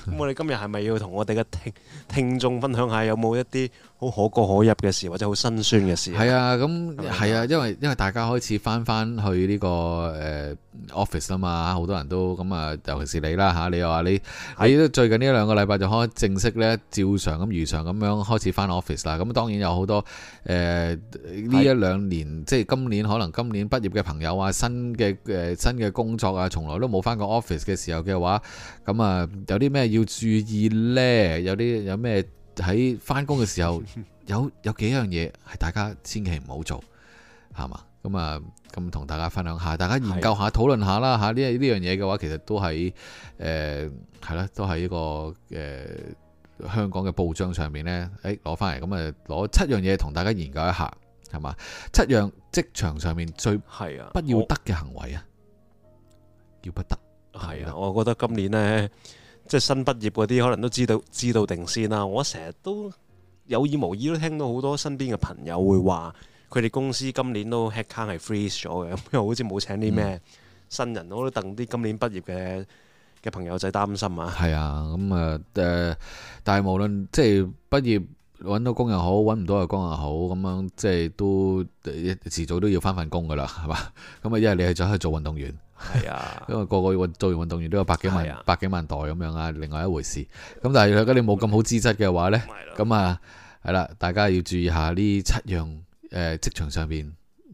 咁 [laughs] 我哋今日係咪要同我哋嘅聽聽眾分享下，有冇一啲？好可歌可泣嘅事，或者好辛酸嘅事。係啊，咁係吧啊，因為因為大家開始翻翻去呢、這個誒、呃、office 啊嘛，好多人都咁啊，尤其是你啦吓，你又話你喺的最近呢兩個禮拜就開正式呢，照常咁如常咁樣開始翻 office 啦。咁當然有好多誒呢、呃、一兩年，即係今年可能今年畢業嘅朋友啊，新嘅誒、呃、新嘅工作啊，從來都冇翻過 office 嘅時候嘅話，咁啊有啲咩要注意呢？有啲有咩？有喺翻工嘅時候，有有幾樣嘢係大家千祈唔好做，係嘛？咁啊，咁同大家分享下，大家研究下、討論下啦，吓呢呢樣嘢嘅話，其實都喺誒係啦，都係一個誒香港嘅報章上面咧，誒攞翻嚟，咁啊攞七樣嘢同大家研究一下，係嘛、呃呃欸？七樣職場上面最係啊不要得嘅行為啊，要不得係啊！我覺得今年呢。即係新畢業嗰啲，可能都知道知道定先啦。我成日都有意無意都聽到好多身邊嘅朋友會話，佢哋公司今年都 headcount 係 freeze 咗嘅，咁又好似冇請啲咩新人，我、嗯、都等啲今年畢業嘅嘅朋友仔擔心啊。係啊，咁啊誒，但係無論即係畢業揾到工又好，揾唔到嘅工又好，咁樣即係都遲早都要返份工㗎啦，係嘛？咁啊，因為你係想去做運動員。係啊，因為個個做完運動員都有百幾萬、啊、百幾萬袋咁樣啊，另外一回事。咁但係如果你冇咁好資質嘅話呢，咁啊係啦，啊啊、大家要注意下呢七樣誒職、呃、場上面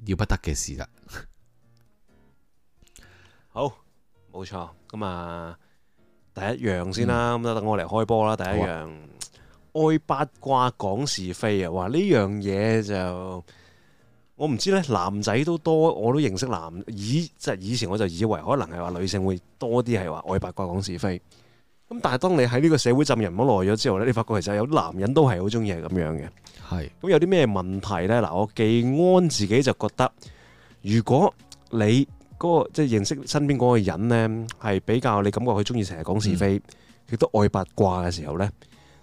要不得嘅事啦。好，冇錯。咁啊，第一樣先啦，咁啊等我嚟開波啦。第一樣愛、啊、八卦講是非啊，話呢樣嘢就。我唔知咧，男仔都多，我都認識男以即係以前我就以為可能係話女性會多啲，係話愛八卦講是非。咁但係當你喺呢個社會浸人咁耐咗之後咧，你發覺其實有啲男人都係好中意係咁樣嘅。係咁是有啲咩問題咧？嗱，我技安自己就覺得，如果你嗰、嗰個即係、即係、認識身邊嗰個人咧，係比較你感覺佢中意成日講是非，亦、嗯、都愛八卦嘅時候咧，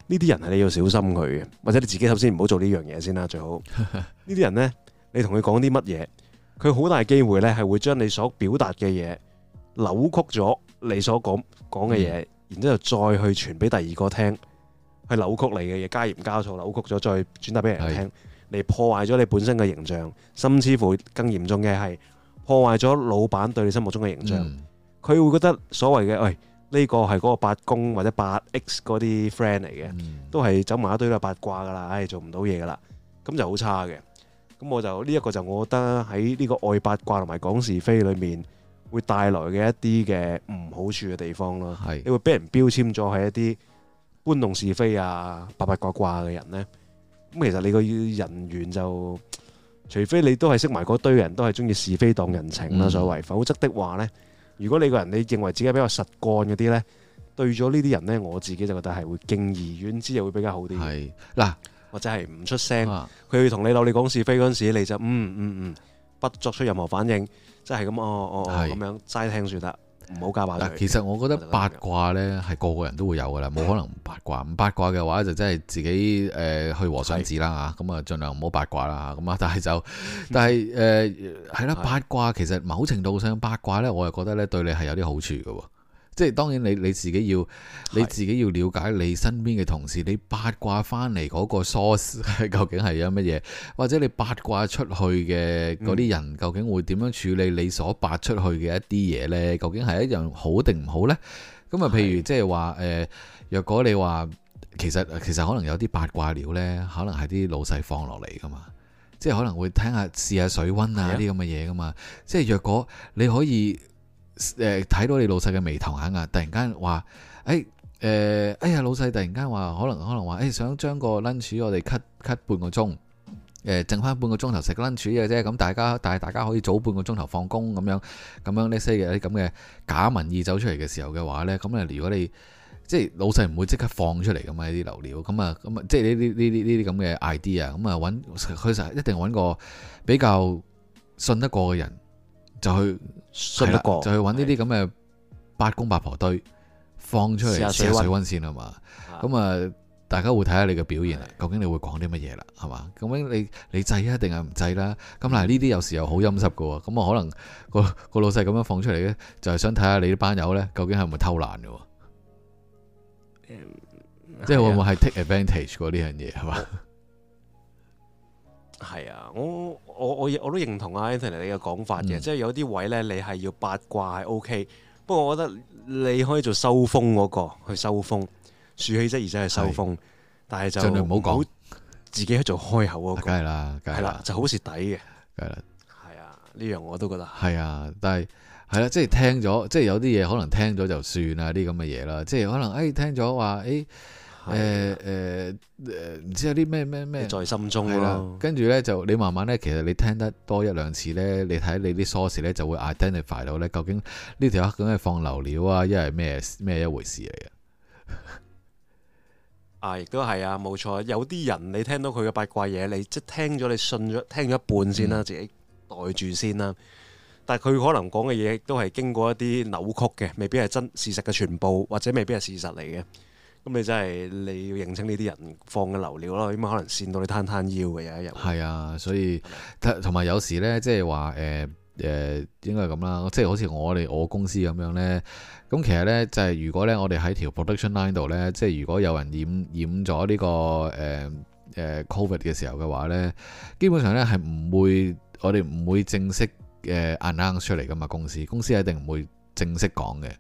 呢啲人係你要小心佢嘅，或者你自己首先唔好做呢樣嘢先啦。最好 [laughs] 呢啲人咧。你同佢講啲乜嘢，佢好大機會呢係會將你所表達嘅嘢扭曲咗，你所講講嘅嘢，嗯、然之後再去傳俾第二個聽，係、嗯、扭曲你嘅嘢，加鹽加醋扭曲咗，再轉達俾人聽，是你破壞咗你本身嘅形象。甚至乎更嚴重嘅係破壞咗老闆對你心目中嘅形象。佢、嗯、會覺得所謂嘅，喂、哎、呢、呢個係嗰個八公或者八 X 嗰啲 friend 嚟嘅，嗯、都係走埋一堆啦，八卦噶啦，唉、哎，做唔到嘢噶啦，咁就好差嘅。咁我就呢一，這個就我覺得喺呢個愛八卦同埋講是非裏面，會帶來嘅一啲嘅唔好處嘅地方咯。係是你會俾人標籤咗係一啲搬弄是非啊，八八卦卦嘅人呢。咁其實你個人緣就，除非你都係識埋嗰堆人都係中意是非當人情啦，嗯、所謂。否則的話呢，如果你個人你認為自己比較實幹嗰啲呢，對咗呢啲人呢，我自己就覺得係會敬而遠之，又會比較好啲。係嗱，或者係唔出聲，佢、啊、要同你鬧你講是非嗰陣時，你就嗯嗯嗯，不作出任何反應，即係咁哦哦咁是樣齋聽算得，唔好加把嘴。其實我覺得八卦呢係個個人都會有噶啦，冇、嗯、可能唔八卦。唔八卦嘅話，就真係自己誒去和尚寺啦嚇，咁是啊儘量唔好八卦啦嚇，咁啊但係就但係誒係啦，呃、的的八卦其實某程度上八卦呢我係覺得呢對你係有啲好處噶喎。即係當然你，你你自己要你自己要了解你身邊嘅同事，的你八卦翻嚟嗰個 source 究竟係有乜嘢？或者你八卦出去嘅嗰啲人，嗯、究竟會點樣處理你所八卦出去嘅一啲嘢呢？究竟係一樣好定唔好呢？咁啊，譬如即係話誒，若果你話其實其實可能有啲八卦料呢，可能係啲老細放落嚟噶嘛，即係可能會聽下試下水溫啊啲咁嘅嘢噶嘛，即係的若果你可以。誒，睇到你老細嘅眉頭眼啊，突然間話，誒、哎，誒、呃，哎呀，老細突然間話，可能可能話，誒、哎，想將個 lunch 我哋 cut cut 半個鐘，誒、呃，剩翻半個鐘頭食 lunch 嘅啫。咁大家，但係大家可以早半個鐘頭放工咁樣，咁樣呢些嘢，啲咁嘅假民意走出嚟嘅時候嘅話呢，咁啊，如果你即係老細唔會即刻放出嚟咁嘛呢啲流料，咁啊，咁啊，即係呢啲呢啲呢啲咁嘅 idea 啊，咁啊，搵佢就一定搵個比較信得過嘅人就去。信得過，就去揾呢啲咁嘅八公八婆堆，堆放出嚟，試下水温先啦嘛。咁啊，大家會睇下你嘅表現啊究，究竟你會講啲乜嘢啦，係嘛？究竟你你制啊，定係唔制啦？啊？咁嗱，嗯，呢啲有時又好陰濕噶，咁啊，可能個個老細咁樣放出嚟咧，就係、是、想睇下你啲班友咧，究竟係咪偷懶噶？嗯、即係會唔會係 take advantage 過呢樣嘢係嘛？係啊，我我我我都認同啊，Anthony 你嘅講法嘅，嗯、即係有啲位咧，你係要八卦係 OK，不過我覺得你可以做收風嗰、那個去收風，豎起隻耳仔真係收風，是但係是就盡量唔好講，自己喺度開口嗰、那個，梗係啦，係啦、啊，就好蝕底嘅，係啦，係啊，呢樣我都覺得係啊，但係係啦，即係、啊就是、聽咗，即、就、係、是、有啲嘢可能聽咗就算啦啲咁嘅嘢啦，即係、就是、可能誒、哎、聽咗話誒。哎誒誒誒，唔、呃呃、知有啲咩咩咩在心中咯、啊。的啊、跟住咧，就你慢慢咧，其實你聽得多一兩次咧，你睇你啲 source 咧就會 identify 到咧，究竟呢條黑梗係放流料啊，一係咩咩一回事嚟嘅。啊，亦都係啊，冇、啊、錯。有啲人你聽到佢嘅八卦嘢，你即係聽咗，你信咗，聽咗一半先啦，嗯、自己袋住先啦、啊。但係佢可能講嘅嘢都係經過一啲扭曲嘅，未必係真事實嘅全部，或者未必係事實嚟嘅。咁你真係你要認清呢啲人放嘅流料咯，因為可能跣到你攤攤腰嘅有一日。係啊，所以同埋有時呢，即係話誒誒，應該係咁啦。即係好似我哋我公司咁樣呢，咁其實呢，就係、是、如果呢，我哋喺條 production line 度呢，即係如果有人染染咗呢、呢個誒誒、呃、COVID 嘅時候嘅話呢，基本上呢，係唔會，我哋唔會正式 announce 出嚟噶嘛。公司公司一定唔會正式講嘅。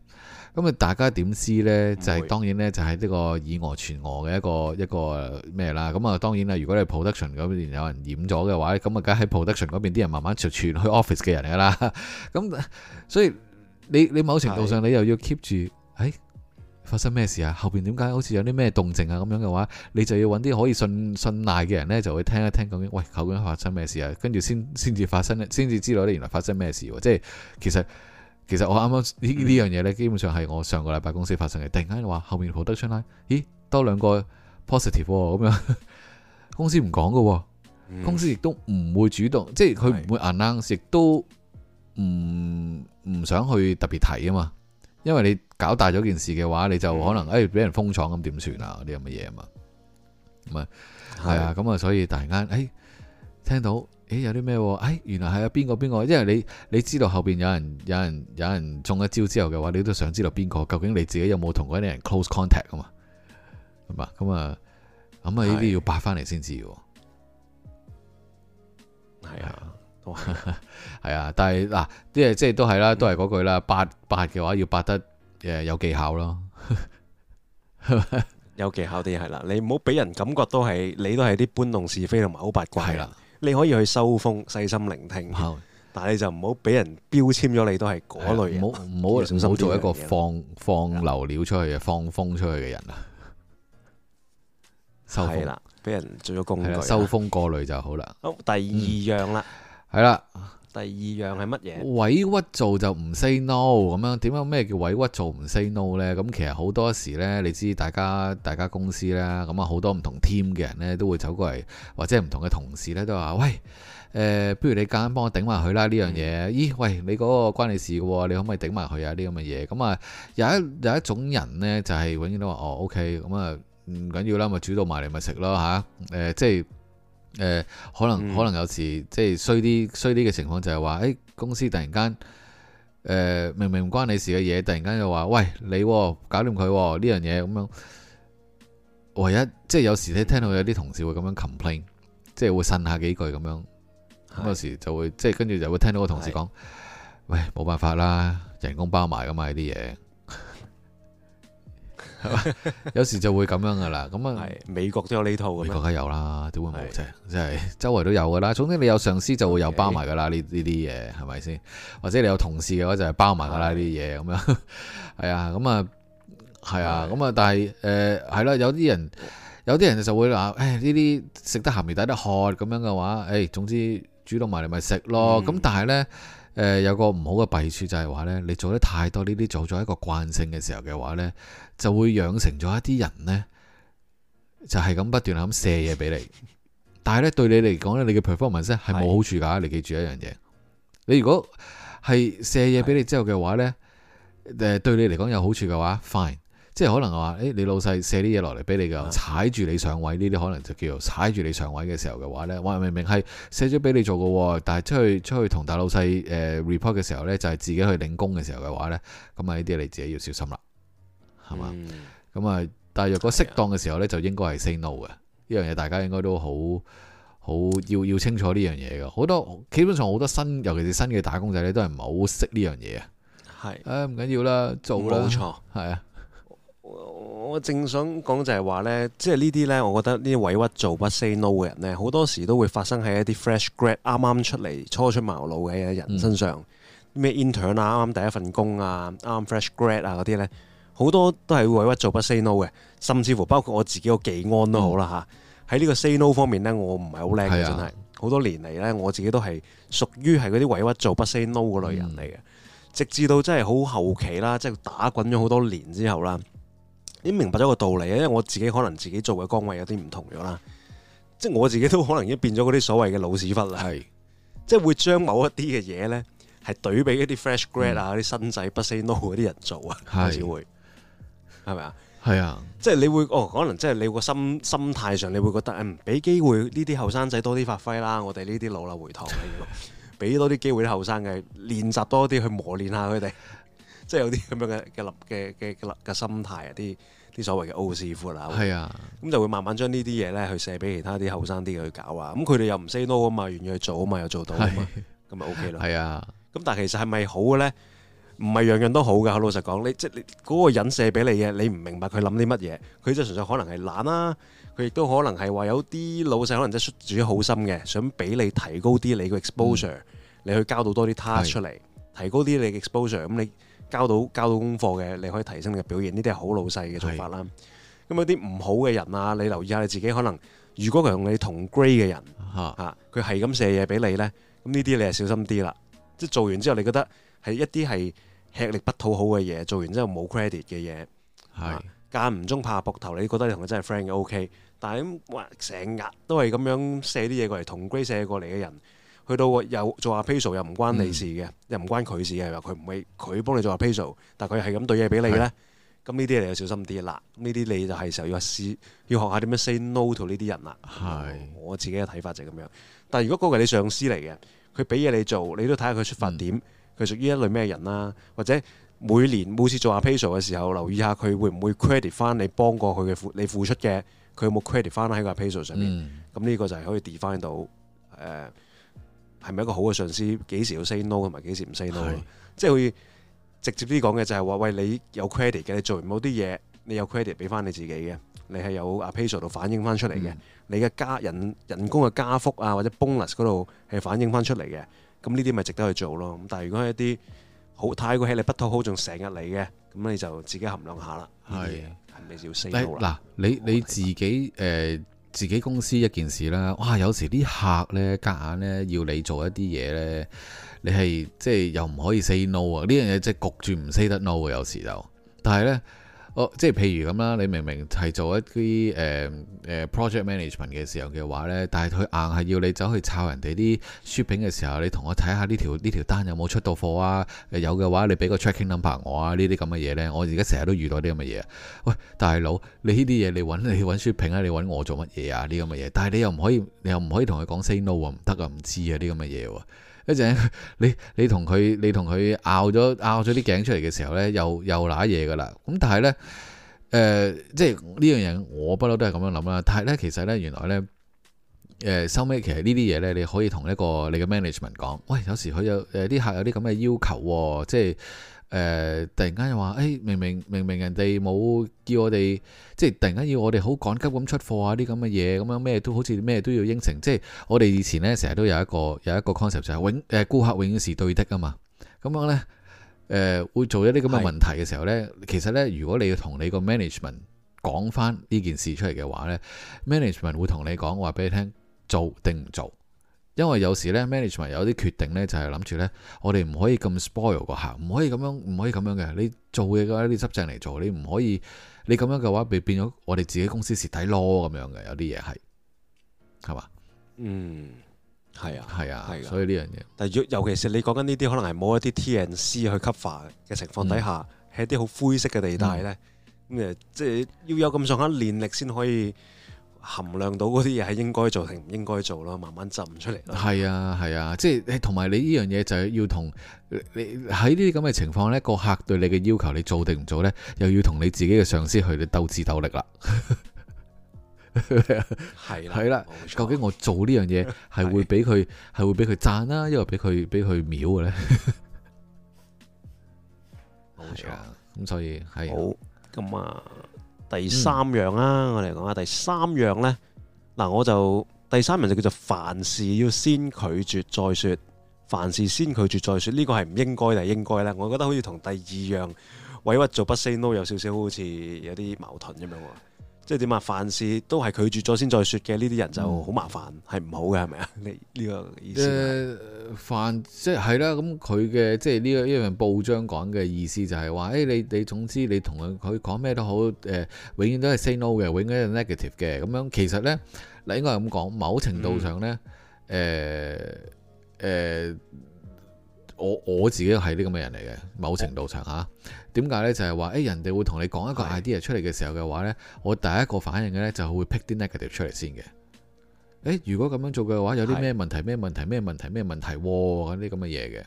咁啊！大家點知呢？就係、是、會當然呢，就係呢個以訛傳訛嘅一個一個咩啦。咁啊，當然啦。如果你係 production 嗰邊有人染咗嘅話，咁啊，梗係 production 嗰邊啲人慢慢就傳去 office 嘅人嚟噶啦。咁 [laughs] 所以你你某程度上你又要 keep 住，哎對、欸，發生咩事啊？後邊點解好似有啲咩動靜啊？咁樣嘅話，你就要揾啲可以信信賴嘅人呢，就會聽一聽究竟，喂，究竟發生咩事啊？跟住先先至發生，先至知道你原來發生咩事喎、啊？即係其實。其實我啱啱呢呢樣嘢呢，基本上係我上個禮拜公司發生嘅。突然間話後面普德出嚟，咦多兩個 positive 咁、哦、樣，公司唔講噶，嗯、公司亦都唔會主動，即係佢唔會 announce，亦都唔唔想去特別提啊嘛，因為你搞大咗件事嘅話，你就可能、嗯、誒俾人封廠咁點算啊？嗰啲咁嘅嘢啊嘛，唔係係啊，咁啊，所以突然間誒聽到。誒、欸，有啲咩？誒、欸，原來係啊，邊個邊個？因為你你知道後邊有人、有人、有人中一招之後嘅話，你都想知道邊個究竟你自己有冇同嗰啲人 close contact 啊嘛？係、嗯、嘛？咁啊，咁啊呢啲要八翻嚟先知。係啊，係 [laughs] 啊，但係嗱，即係即係都係啦，都係嗰句啦。八八嘅話要八得誒有技巧咯， [laughs] 有技巧啲係啦。你唔好俾人感覺到係你都係啲搬弄是非同埋好八卦係啦。你可以去收風，細心聆聽，嗯、但係你就唔好俾人標籤咗你都係嗰類人，唔好唔好做一個放放流料出去嘅了放風出去嘅人啦。收風啦，俾人做咗工具，收風過濾就好啦。好，第二樣啦，係啦、嗯。第二樣係乜嘢？委屈做就唔 say no 咁樣，點解咩叫委屈做唔 say no 呢？咁其實好多時呢，你知大家大家公司啦，咁啊好多唔同 team 嘅人呢都會走過嚟，或者係唔同嘅同事呢都話：喂、呃，不如你夾硬幫我頂埋佢啦呢樣嘢。嗯、咦，喂，你嗰個關你事嘅喎，你可唔可以頂埋佢啊？啲咁嘅嘢。咁啊，有一有一種人呢就係永遠都話：哦，OK，咁啊唔緊要啦，咪煮到埋嚟咪食咯吓？誒、啊呃，即係。誒、呃，可能、嗯、可能有時即係衰啲衰啲嘅情況就係、是、話，誒、欸、公司突然間誒、呃、明明唔關你事嘅嘢，突然間又話喂你、哦、搞掂佢呢樣嘢咁樣，唯一即係有時咧聽到有啲同事會咁樣 complain，即係會呻下幾句咁樣，咁是有時就會即係跟住就會聽到個同事講，是喂，冇辦法啦，人工包埋噶嘛呢啲嘢。 [laughs] 有時就會咁樣噶啦，咁啊，美國都有呢套，美國梗係有啦，點會冇啫？即係是 [laughs] 周圍都有噶啦。總之你有上司就會有包埋噶啦，呢呢啲嘢係咪先？或者你有同事嘅話就係包埋噶啦呢啲嘢咁樣，係 Okay. [laughs] 啊，咁啊，係是、呃、啊，咁啊，但係誒係咯，有啲人有啲人就會、哎、話，誒呢啲食得鹹魚抵得渴咁樣嘅話，誒總之煮到埋嚟咪食咯。咁、嗯、但係咧。誒，有個唔好嘅弊處就係話呢，你做得太多呢啲，做咗一個慣性嘅時候嘅話呢，就會養成咗一啲人呢，就係咁不斷咁射嘢俾你。但係呢，對你嚟講呢，你嘅 performance 咧係冇好處噶。的你記住一樣嘢，你如果係射嘢俾你之後嘅話呢，誒的，對你嚟講有好處嘅話，fine。即係可能話誒、哎，你老細寫啲嘢落嚟俾你噶，踩住你上位呢啲，可能就叫做踩住你上位嘅時候嘅話呢。我明明係寫咗俾你做噶，但係出去出去同大老細誒 report 嘅時候呢，就係、是、自己去領工嘅時候嘅話呢。咁啊呢啲你自己要小心啦，係嘛？咁啊、嗯嗯，但係若果適當嘅時候呢，的就應該係 say no 嘅呢樣嘢，大家應該都好好要要清楚呢樣嘢噶。好多基本上好多新，尤其是新嘅打工仔呢，都係唔係好識呢樣嘢啊。係誒唔緊要啦，做啦，係啊冇錯。我正想講就係話呢，即係呢啲呢，我覺得呢啲委屈做不 say no 嘅人呢，好多時都會發生喺一啲 fresh grad 啱啱出嚟，初出茅廬嘅人身上，咩、嗯、intern 啊，啱啱第一份工啊，啱啱 fresh grad 啊嗰啲呢，好多都係委屈做不 say no 嘅，甚至乎包括我自己個技安都好啦，吓，喺呢、嗯、個 say no 方面呢，我唔係好叻嘅，真係好、啊、多年嚟呢，我自己都係屬於係嗰啲委屈做不 say no 嗰類人嚟嘅，嗯、直至到真係好後期啦，即係打滾咗好多年之後啦。已經明白咗一個道理咧，因為我自己可能自己做嘅崗位有啲唔同咗啦，即係我自己都可能已經變咗嗰啲所謂嘅老屎忽啦，係是即係會將某一啲嘅嘢咧，係對比一啲 fresh grad，嗯、啊、啲新仔、不 say no 嗰啲人做是是是啊，開始會係咪啊？係啊，即係你會哦，可能即係你個心心態上，你會覺得誒，俾、嗯、機會呢啲後生仔多啲發揮啦，我哋呢啲老啦回糖，俾 [laughs] 多啲機會啲後生嘅練習多啲，去磨練下佢哋。即係有啲咁樣嘅嘅嘅嘅嘅心態啊，啲啲所謂嘅 O 師傅啦，係啊，咁就會慢慢將呢啲嘢咧去寫俾其他啲後生啲去搞啊，咁佢哋又唔 say no 啊嘛，願意去做啊嘛，又做到啊咁咪 OK 咯。係啊是，咁、嗯嗯嗯、但係其實係咪好嘅咧？唔係樣樣都好嘅，老實講，你即係嗰、那個人射俾你嘅，你唔明白佢諗啲乜嘢，佢就純粹可能係懶啦，佢亦都可能係話有啲老細可能真係出住好心嘅，想俾你提高啲你嘅 exposure，、嗯、你去交到多啲 t a 他是出嚟，提高啲你嘅 exposure，咁、嗯、你。嗯嗯嗯交到交到功課嘅，你可以提升你嘅表現，呢啲係好老細嘅做法啦。咁是有啲唔好嘅人啊，你留意下你自己。可能如果佢同你同 grade 嘅人嚇佢係咁卸嘢俾你呢，咁呢啲你就小心啲啦。即、就、係、是、做完之後，你覺得係一啲係吃力不討好嘅嘢，做完之後冇 credit 嘅嘢。係是、啊、間唔中拍下膊頭，你覺得你同佢真係 friend 嘅 OK 但，但係咁話成日都係咁樣卸啲嘢過嚟，同 grade 卸過嚟嘅人。去到又做阿 Payroll 又唔關你事嘅，嗯、又唔關佢事嘅，話佢唔會佢幫你做阿 Payroll 但佢係咁對嘢俾你咧，咁呢啲你又小心啲啦。呢啲你就係時候要試，要學下點樣 say no to 呢啲人啦。係的，我自己嘅睇法就係咁樣。但係如果嗰個係你上司嚟嘅，佢俾嘢你做，你都睇下佢出發點，佢屬於一類咩人啦，或者每年每次做阿 Payroll 嘅時候，留意下佢會唔會 credit 翻你幫過佢嘅你付出嘅，佢有冇 credit 翻喺個 Payroll 上面。咁呢、嗯、個就係可以 define 到，誒、呃。係咪一個好嘅上司？幾時要 say no 同埋幾時唔 say no？即係可以直接啲講嘅就係話：喂，你有 credit 嘅，你做完某啲嘢，你有 credit 俾翻你自己嘅。你係有阿 Payroll 度反映翻出嚟嘅。你嘅加人人工嘅加幅啊，或者 bonus 嗰度係反映翻出嚟嘅。咁呢啲咪值得去做咯。咁但係如果係一啲好太過吃力不討好，仲成日嚟嘅，咁你就自己衡量下啦。係，係咪要 say no 啦？嗱，你你自己誒。自己公司一件事啦，哇！有時啲客呢，夾硬呢要你做一啲嘢呢，你係即係又唔可以 say no 啊！呢樣嘢即係焗住唔 say 得 no 啊！有時就，但係呢。我、哦、即係譬如咁啦，你明明係做一啲誒誒、呃呃、project management 嘅時候嘅話呢，但係佢硬係要你走去抄人哋啲 shipping 嘅時候，你同我睇下呢條呢條單有冇出到貨啊？有嘅話，你俾個 tracking number 我啊？呢啲咁嘅嘢呢，我而家成日都遇到啲咁嘅嘢。喂，大佬，你呢啲嘢你揾你揾 shipping 啊？你揾我做乜嘢啊？呢咁嘅嘢，但係你又唔可以，你又唔可以同佢講 say no 啊，唔得啊，唔知啊，呢咁嘅嘢喎。一陣，你你同佢你同佢拗咗拗咗啲頸出嚟嘅時候呢，又又嗱嘢㗎喇。咁但係呢，誒即係呢樣嘢，我不嬲都係咁樣諗啦。但係呢，其實呢，原來呢，誒收尾其實呢啲嘢呢，你可以同一個你嘅 management 講，喂，有時佢有誒啲、呃、客有啲咁嘅要求，即係。誒、呃，突然間又話，誒、哎、明明明明人哋冇叫我哋，即係突然間要我哋好趕急咁出貨啊啲咁嘅嘢，咁樣咩都好似咩都要應承，即係我哋以前呢，成日都有一個有一個 concept 就係永誒、呃、顧客永遠是對的啊嘛，咁樣呢，誒、呃、會做一啲咁嘅問題嘅時候呢，是其實呢，如果你要同你個 management 講翻呢件事出嚟嘅話呢是，management 會同你講話俾你聽做定唔做？因為有時咧，management 有啲決定咧，就係諗住咧，我哋唔可以咁 spoil 個客，唔可以咁樣，唔可以咁樣嘅。你做嘢嘅話，你執正嚟做，你唔可以，你咁樣嘅話，咪變咗我哋自己公司蝕底咯咁樣嘅，有啲嘢係，係嘛？嗯，係啊，係啊，所以呢樣嘢。但係，尤其是你講緊呢啲，可能係冇一啲 T n C 去 cover 嘅情況底下，嗯、一啲好灰色嘅地帶咧，咁誒、嗯，即係、嗯、要有咁上下年力先可以。衡量到嗰啲嘢係應該做定唔應該做咯，慢慢浸出嚟。係啊，係啊，即係同埋你呢樣嘢就係要同你喺呢啲咁嘅情況呢個客對你嘅要求你做定唔做呢？又要同你自己嘅上司去鬥智鬥力啦。係啦，係啦，啊、究竟我做呢樣嘢係會俾佢係會俾佢讚啦，因為俾佢俾佢秒嘅呢？冇、啊、錯、啊，咁所以係好咁啊。.第三樣啦，嗯、我哋講下第三樣呢？嗱，我就第三樣就叫做凡事要先拒絕再説，凡事先拒絕再説，呢個係唔應該定係應該呢？我覺得好似同第二樣委屈做不 say no 有少少好似有啲矛盾咁樣喎。即係點啊？凡事都係拒絕咗先再説嘅，呢啲人就好麻煩，係唔、嗯、好嘅，係咪啊？呢 [laughs] 呢個意思。誒、呃，凡即係係啦，咁佢嘅即係呢、這個一樣、這個這個、報章講嘅意思就係、是、話，誒你你總之你同佢佢講咩都好，誒、呃、永遠都係 say no 嘅，永遠都係 negative 嘅。咁樣其實咧，嗱應該係咁講，某程度上咧，誒誒、嗯呃。呃呃我我自己係呢咁嘅人嚟嘅，某程度上嚇，點、啊、解呢？就係、是欸、話，誒人哋會同你講一個 idea 出嚟嘅時候嘅話呢，我第一個反應嘅呢，就 p 好會 pick 啲 negative 出嚟先嘅。誒、欸，如果咁樣做嘅話，有啲咩問題？咩是問題？咩問題？咩問題？嗰啲咁嘅嘢嘅。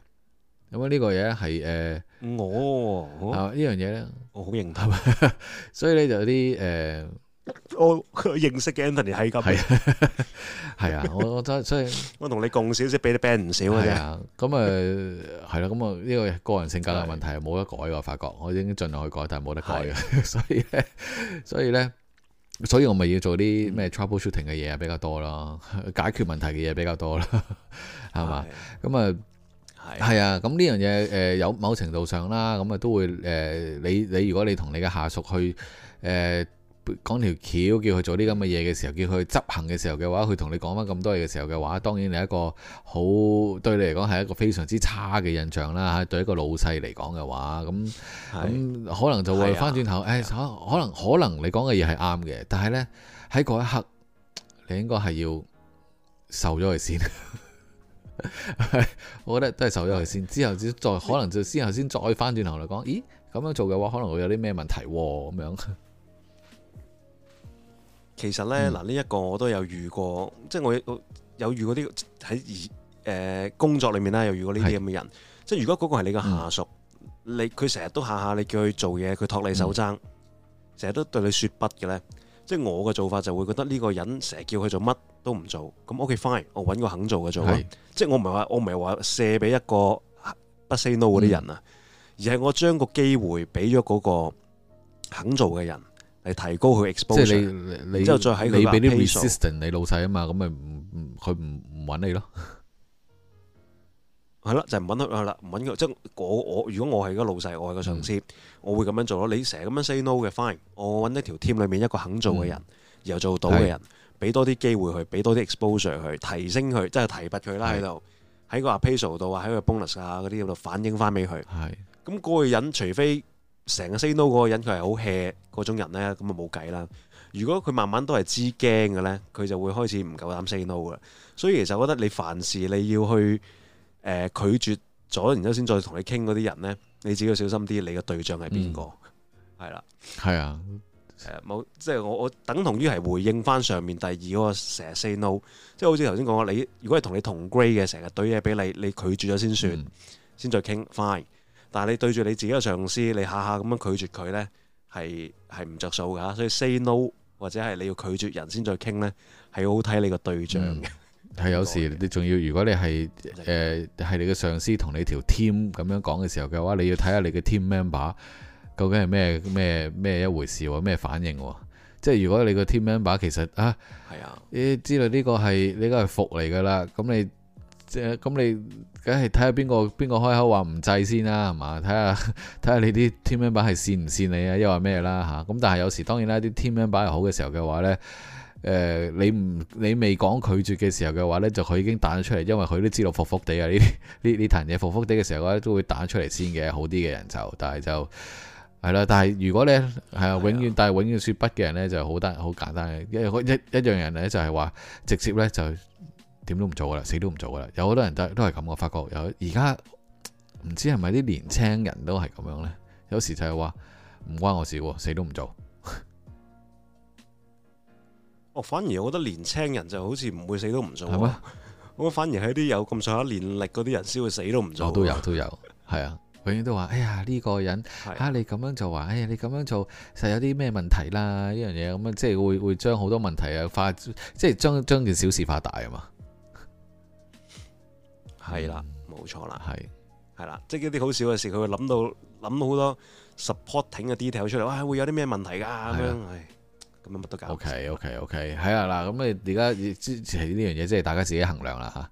咁啊，呢、嗯呢個嘢係誒，呃、我啊呢樣嘢呢，我好認同。 [laughs] 所以呢，就有啲誒。呃我認識嘅 Anthony 係咁，係啊，我真係所以，我同你共少少，俾你 band 唔少嘅啊，咁啊，係啦，咁啊，呢個個人性格嘅問題係冇得改，我發覺我已經盡量去改，但係冇得改嘅。所以咧，所以咧，所以我咪要做啲咩 troubleshooting 嘅嘢啊，比較多啦，解決問題嘅嘢比較多啦，係嘛？咁啊，係係啊，咁、嗯、呢、uh, 樣嘢誒，有某程度上啦，咁啊都會誒，你你如果你同你嘅下屬去誒。講條橋叫佢做啲咁嘅嘢嘅時候，叫佢執行嘅時候嘅話，佢同你講翻咁多嘢嘅時候嘅話，當然係一個好對你嚟講係一個非常之差嘅印象啦吓。對一個老細嚟講嘅話，咁咁可能就會翻轉頭，誒、啊欸，可能、啊、可能可能你講嘅嘢係啱嘅，但係呢，喺嗰一刻，你應該係要受咗佢先， [laughs] [laughs] 我覺得都係受咗佢先。之後再可能就先後先再翻轉頭嚟講，咦、欸，咁樣做嘅話可能會有啲咩問題咁、啊、樣。其實咧嗱，呢一個我都有遇過，嗯、即係我有遇過啲喺誒工作裏面啦，有遇過呢啲咁嘅人。是即係如果嗰個係你嘅下屬，嗯、你佢成日都下下你叫佢做嘢，佢托你手踭，成日、嗯、都對你說不嘅咧，即係我嘅做法就會覺得呢個人成日叫佢做乜都唔做，咁 OK fine，我揾個肯做嘅做啦。是即係我唔係話我唔係話卸俾一個不 say no 嗰啲人啊，嗯、而係我將個機會俾咗嗰個肯做嘅人。嚟提高佢 exposure，之後再喺佢落 payroll，你老細啊嘛，咁咪唔佢唔唔揾你咯？係啦，就唔揾佢係啦，唔揾佢即係我如果我係個老細，我係個上司，我會咁樣做咯。你成日咁樣 say no 嘅，fine，我揾一條 team 裏面一個肯做嘅人，然後做到嘅人，俾多啲機會佢，俾多啲 exposure 佢，提升佢，即係提拔佢啦。喺度喺個 appraisal 度啊，喺個 bonus 啊啲度反映翻俾佢。係咁嗰個人，除非。成日 say no 嗰個人佢係好 hea 嗰種人呢，咁啊冇計啦。如果佢慢慢都係知驚嘅呢，佢就會開始唔夠膽 say no 啦。所以其實我覺得你凡事你要去誒、呃、拒絕咗然之後先再同你傾嗰啲人呢，你自己要小心啲，你嘅對象係邊個？係啦，係啊，冇，即係我我等同於係回應翻上面第二嗰、那個成日 say no，即係好似頭先講啊，你如果係同你同 grade 嘅成日懟嘢俾你，你拒絕咗先算，先、嗯、再傾 fine。但係你對住你自己嘅上司，你下下咁樣拒絕佢呢，係係唔着數噶所以 say no 或者係你要拒絕人先再傾呢，係好睇你個對象嘅。係、嗯、有時你仲要，如果你係誒係你嘅上司同你條 team 咁樣講嘅時候嘅話，你要睇下你嘅 team member 究竟係咩咩咩一回事喎，咩反應喎？即係如果你個 team member 其實啊，係啊，你知道呢、呢個係呢、呢個係服嚟噶啦，咁你即咁你。呃梗係睇下邊個邊個開口話唔制先啦、啊，係嘛？睇下睇下你啲 team member 係善唔善你啊，又話咩啦嚇？咁但係有時當然啦，啲 team member 係好嘅時候嘅話呢，誒、呃、你唔你未講拒絕嘅時候嘅話呢，就佢已經彈咗出嚟，因為佢都知道伏伏地啊！呢呢呢單嘢伏伏地嘅時候咧，都會彈出嚟先嘅，好啲嘅人就，但係就係啦。但係如果呢，係啊，永遠的但係永遠說不嘅人呢，就好得，好簡單嘅，一一,一,一樣人咧就係話直接呢，就。點都唔做噶啦，死都唔做噶啦。有好多人都都係咁，我發覺有而家唔知係咪啲年青人都係咁樣呢？有時就係話唔關我事，死都唔做。我，哦、反而我覺得年青人就好似唔會死都唔做係嘛。我嗎反而喺啲有咁上下年齡嗰啲人先會死都唔做。我都有都有。係啊，永遠都話，哎呀呢個人吓你咁樣做話，哎呀、這個的啊、你咁樣做實、哎、有啲咩問題啦？呢樣嘢咁啊，即係會會將好多問題啊化，即係將將件小事化大啊嘛。係啦，冇錯啦，係係啦，即係一啲好少嘅事，佢會諗到諗到好多 supporting 嘅 detail 出嚟，哇，會有啲咩問題噶咁樣，咁樣乜都搞掂。O K O K O K，係啊嗱，咁你而家之前呢樣嘢，即係大家自己衡量啦吓。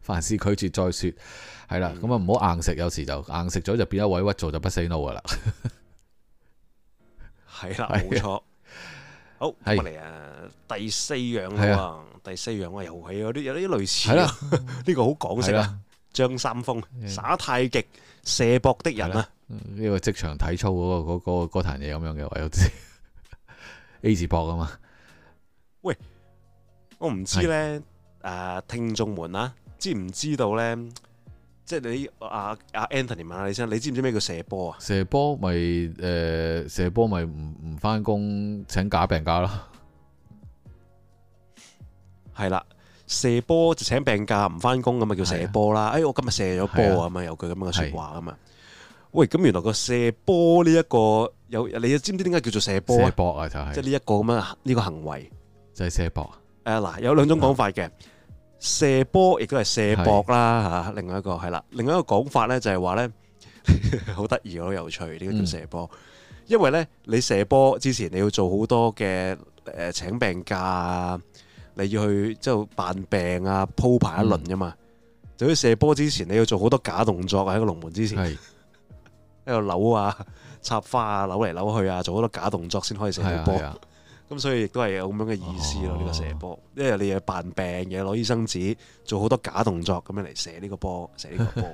凡事拒絕再說，係啦，咁啊唔好硬食，有時就硬食咗就變咗委屈做，就不 say no 噶啦。係啦，冇錯。好，嚟啊，第四樣啦。第四樣嘅遊戲，有啲有啲類似。係啦了，呢 [laughs] 個好港式啊！了張三豐的耍太極射波的人啊，呢、這個職場體操嗰、嗰個嗰嘢咁樣嘅，我有知 A 字膊啊嘛。喂，我唔知咧，誒的、啊、聽眾們啊，知唔知道咧？即係你阿阿、啊、Anthony 問下你先，你知唔知咩叫射波啊？射波咪誒射波咪唔唔返工請假病假咯。係啦，射波就請病假唔翻工咁啊，叫射波啦。的哎，我今日射咗波啊，咁的有句咁樣嘅說話啊嘛。的喂，咁原來個射波呢、這、一個有你知唔知點解叫做射波射博啊、就係？就係即係呢一個咁啊呢個行為，就係射、啊、的射波。誒嗱，有兩種講法嘅射波，亦都係射博啦吓的。另外一個係啦，另外一個講法咧就係話咧，好得意好有趣，點解、呢個、叫射波？嗯、因為咧你射波之前你要做好多嘅誒，請病假啊。你要去即係扮病啊，鋪排一輪噶嘛。嗯、就好似射波之前，你要做好多假動作喺個龍門之前，喺度是扭啊、插花啊、扭嚟扭去啊，做好多假動作先可以射到波。咁、啊啊、所以亦都係有咁樣嘅意思咯。呢、哦、個射波，因為你要扮病嘅，攞醫生紙，做好多假動作咁樣嚟射呢個波，射呢個波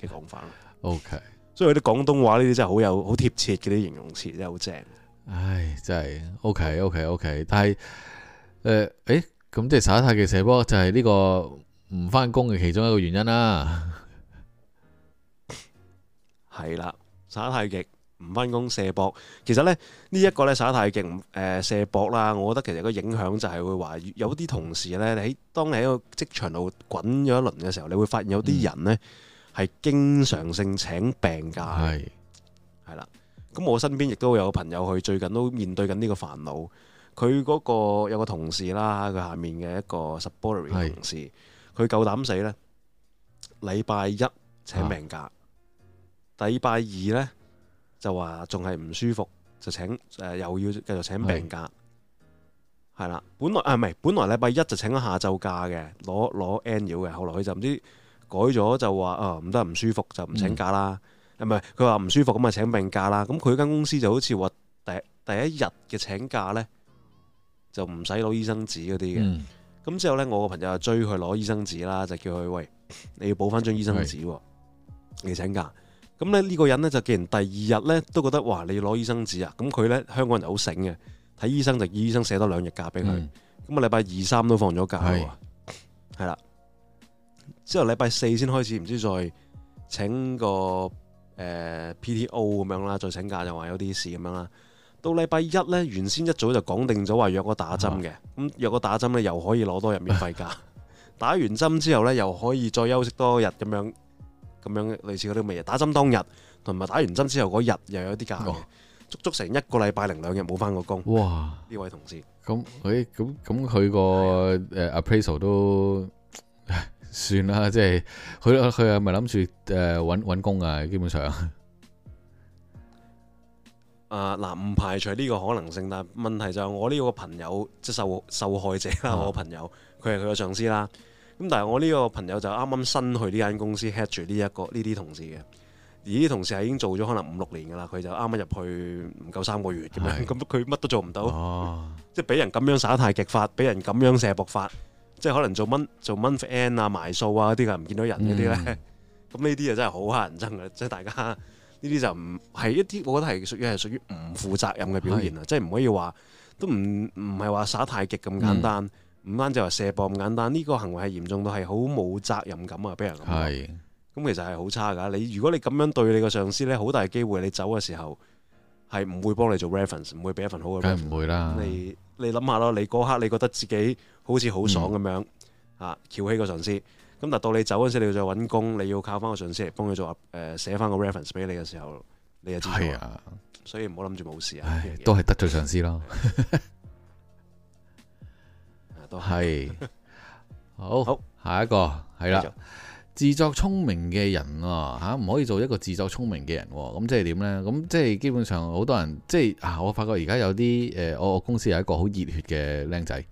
嘅講法。 [laughs] O Okay . K，所以啲廣東話呢啲真係好有好貼切嘅啲形容詞，真係好正。 [laughs] 唉，真係 O K O K O K，但係。 [laughs] 誒、嗯，誒，咁即係耍太極射波，就係呢個唔返工嘅其中一個原因啦、啊。係啦，耍太極唔返工射波，其實咧呢一、這個咧耍太極誒、呃、射波啦，我覺得其實個影響就係會話有啲同事呢，喺當你喺個職場度滾咗一輪嘅時候，你會發現有啲人呢係、嗯、經常性請病假。係係啦，咁我身邊亦都有朋友去最近都面對緊呢個煩惱。佢嗰個有個同事啦，佢下面嘅一個 supportary 同事，佢是夠膽死呢？禮拜一請病假，禮拜、啊、二呢，就話仲係唔舒服，就請誒、呃、又要繼續請病假，係是啦。本來啊，唔係本來禮拜一就請咗下晝假嘅，攞攞 AL 嘅。後來佢就唔知改咗就話啊，唔得唔舒服就唔請假啦。唔係佢話唔舒服咁啊，請病假啦。咁佢間公司就好似話第一第一日嘅請假呢，就唔使攞醫生紙嗰啲嘅，咁、嗯、之後呢，我個朋友就追佢攞醫生紙啦，就叫佢喂，你要補翻張醫生紙，是你請假，咁咧呢個人呢，就既然第二日呢都覺得哇，你要攞醫生紙啊，咁佢呢，香港人好醒嘅，睇醫生就醫生寫多兩日假俾佢，咁個禮拜二三都放咗假，係啦是，之後禮拜四先開始唔知再請個誒、呃、PTO 咁樣啦，再請假就話有啲事咁樣啦。到禮拜一呢，原先一早就講定咗話若果打針嘅，咁、啊、若果打針呢，又可以攞多日免費假。 [laughs] 打完針之後呢，又可以再休息多日咁樣，咁樣類似嗰啲咩？打針當日同埋打完針之後嗰日又有啲假、哦、足足成一個禮拜零兩日冇翻過工。哇！呢位同事，咁誒、嗯，咁咁佢個誒 appraisal 都算啦，即係佢佢係咪諗住誒揾揾工啊？基本上。啊嗱，唔排除呢個可能性，但係問題就係我呢個朋友即係受受害者啦。我朋友佢係佢嘅上司啦。咁但係我呢個朋友就啱啱新去呢間公司 head 住呢一個呢啲同事嘅，而啲同事係已經做咗可能五六年噶啦，佢就啱啱入去唔夠三個月咁樣，咁佢乜都做唔到，即係俾人咁樣耍得太極法，俾人咁樣射博法，即係可能做 month 做 month end 啊、埋數啊嗰啲嘅，唔見到人嗰啲咧。咁呢啲啊真係好乞人憎嘅，即係大家。呢啲就唔係一啲，我覺得係屬於係屬於唔負責任嘅表現啊！是即係唔可以話，都唔唔係話耍太極咁簡單，唔單止話射波咁簡單，呢、這個行為係嚴重到係好冇責任感啊！俾人係，咁是其實係好差噶。你如果你咁樣對你個上司咧，好大機會你走嘅時候係唔會幫你做 reference，唔會俾一份好嘅 reference，梗係唔會啦。你你諗下咯，你嗰刻你覺得自己好似好爽咁、嗯、樣啊，翹起個上司。咁但到你走嗰時，你要再揾工，你要靠翻個上司嚟幫佢做誒寫翻個 reference 俾你嘅時候，你就知道，啊、所以唔好諗住冇事啊，都係唉得罪上司咯，都係，好，好，下一個係啦，自作聰明嘅人啊，吓、啊、唔可以做一個自作聰明嘅人，啊，咁即係點咧？咁即係基本上好多人，即係啊，我發覺而家有啲誒、呃，我我公司有一個好熱血嘅僆仔。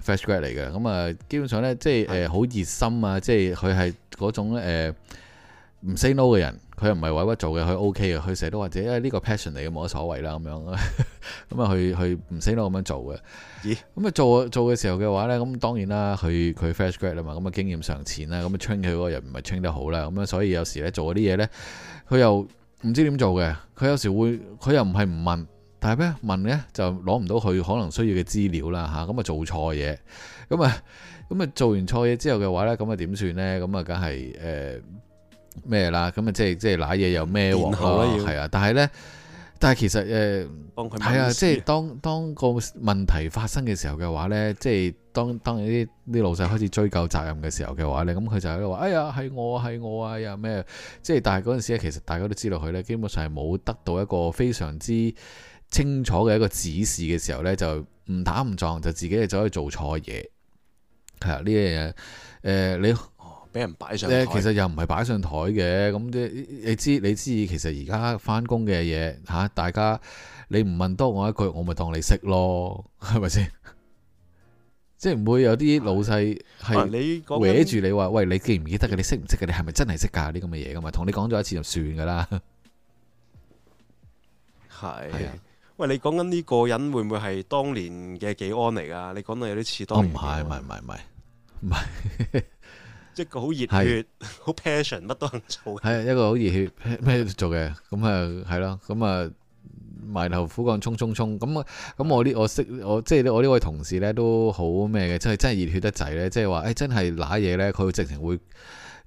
fresh grad 嚟嘅，咁啊基本上呢，即係誒好熱心啊，即係佢係嗰種唔 say no 嘅人，佢又唔係委屈做嘅，佢 OK 嘅，佢成日都話者，因為呢個 passion 嚟嘅，冇乜所謂啦咁樣，咁啊佢佢唔 say no 咁樣做嘅，咦、欸？咁啊做做嘅時候嘅話呢，咁當然啦，佢佢 fresh grad 啊嘛，咁啊經驗尚淺啦，咁啊 train 佢嗰個人唔係 train 得好啦，咁啊所以有時呢，做嗰啲嘢呢，佢又唔知點做嘅，佢有時會佢又唔係唔問。但係咩？問咧就攞唔到佢可能需要嘅資料啦吓，咁啊做錯嘢，咁啊咁啊做完錯嘢之後嘅話咧，咁啊點算咧？咁啊梗係誒咩啦？咁啊即係即係揦嘢又孭鑊啦，係啊！但係咧，但係其實誒，呃、幫佢係啊！即係當當個問題發生嘅時候嘅話咧，即係當當啲啲老細開始追究責任嘅時候嘅話咧，咁佢就喺度話：哎呀，係我係我啊！又咩？即係但係嗰陣時咧，其實大家都知道佢咧，基本上係冇得到一個非常之。清楚嘅一個指示嘅時候呢，就唔打唔撞就自己就走去做錯嘢，係啊，呢樣嘢，誒、呃、你俾人擺上，誒，其實又唔係擺上台嘅，咁你你知你知，其實而家翻工嘅嘢吓，大家你唔問多我一句，我咪當你識咯，係咪先？ [laughs] 即係唔會有啲老細係你歪住你話，喂，你記唔記得嘅？你識唔識嘅？你係咪真係識噶？呢咁嘅嘢噶嘛？同你講咗一次就算噶啦，係的喂，你講緊呢個人會唔會係當年嘅幾安嚟㗎？你講到有啲似當。唔係唔係唔係唔係，即 [laughs] 個好熱血、好是 [laughs] passion，乜都肯做。係一個好熱血咩都做嘅？咁啊， [laughs] 係咯，咁啊，埋頭苦幹衝衝衝，衝衝衝。咁啊，咁我呢，我識我即係、就是、我呢位同事咧都好咩嘅，即係真係熱血得滯咧，即係話誒，真係揦嘢咧，佢直情會。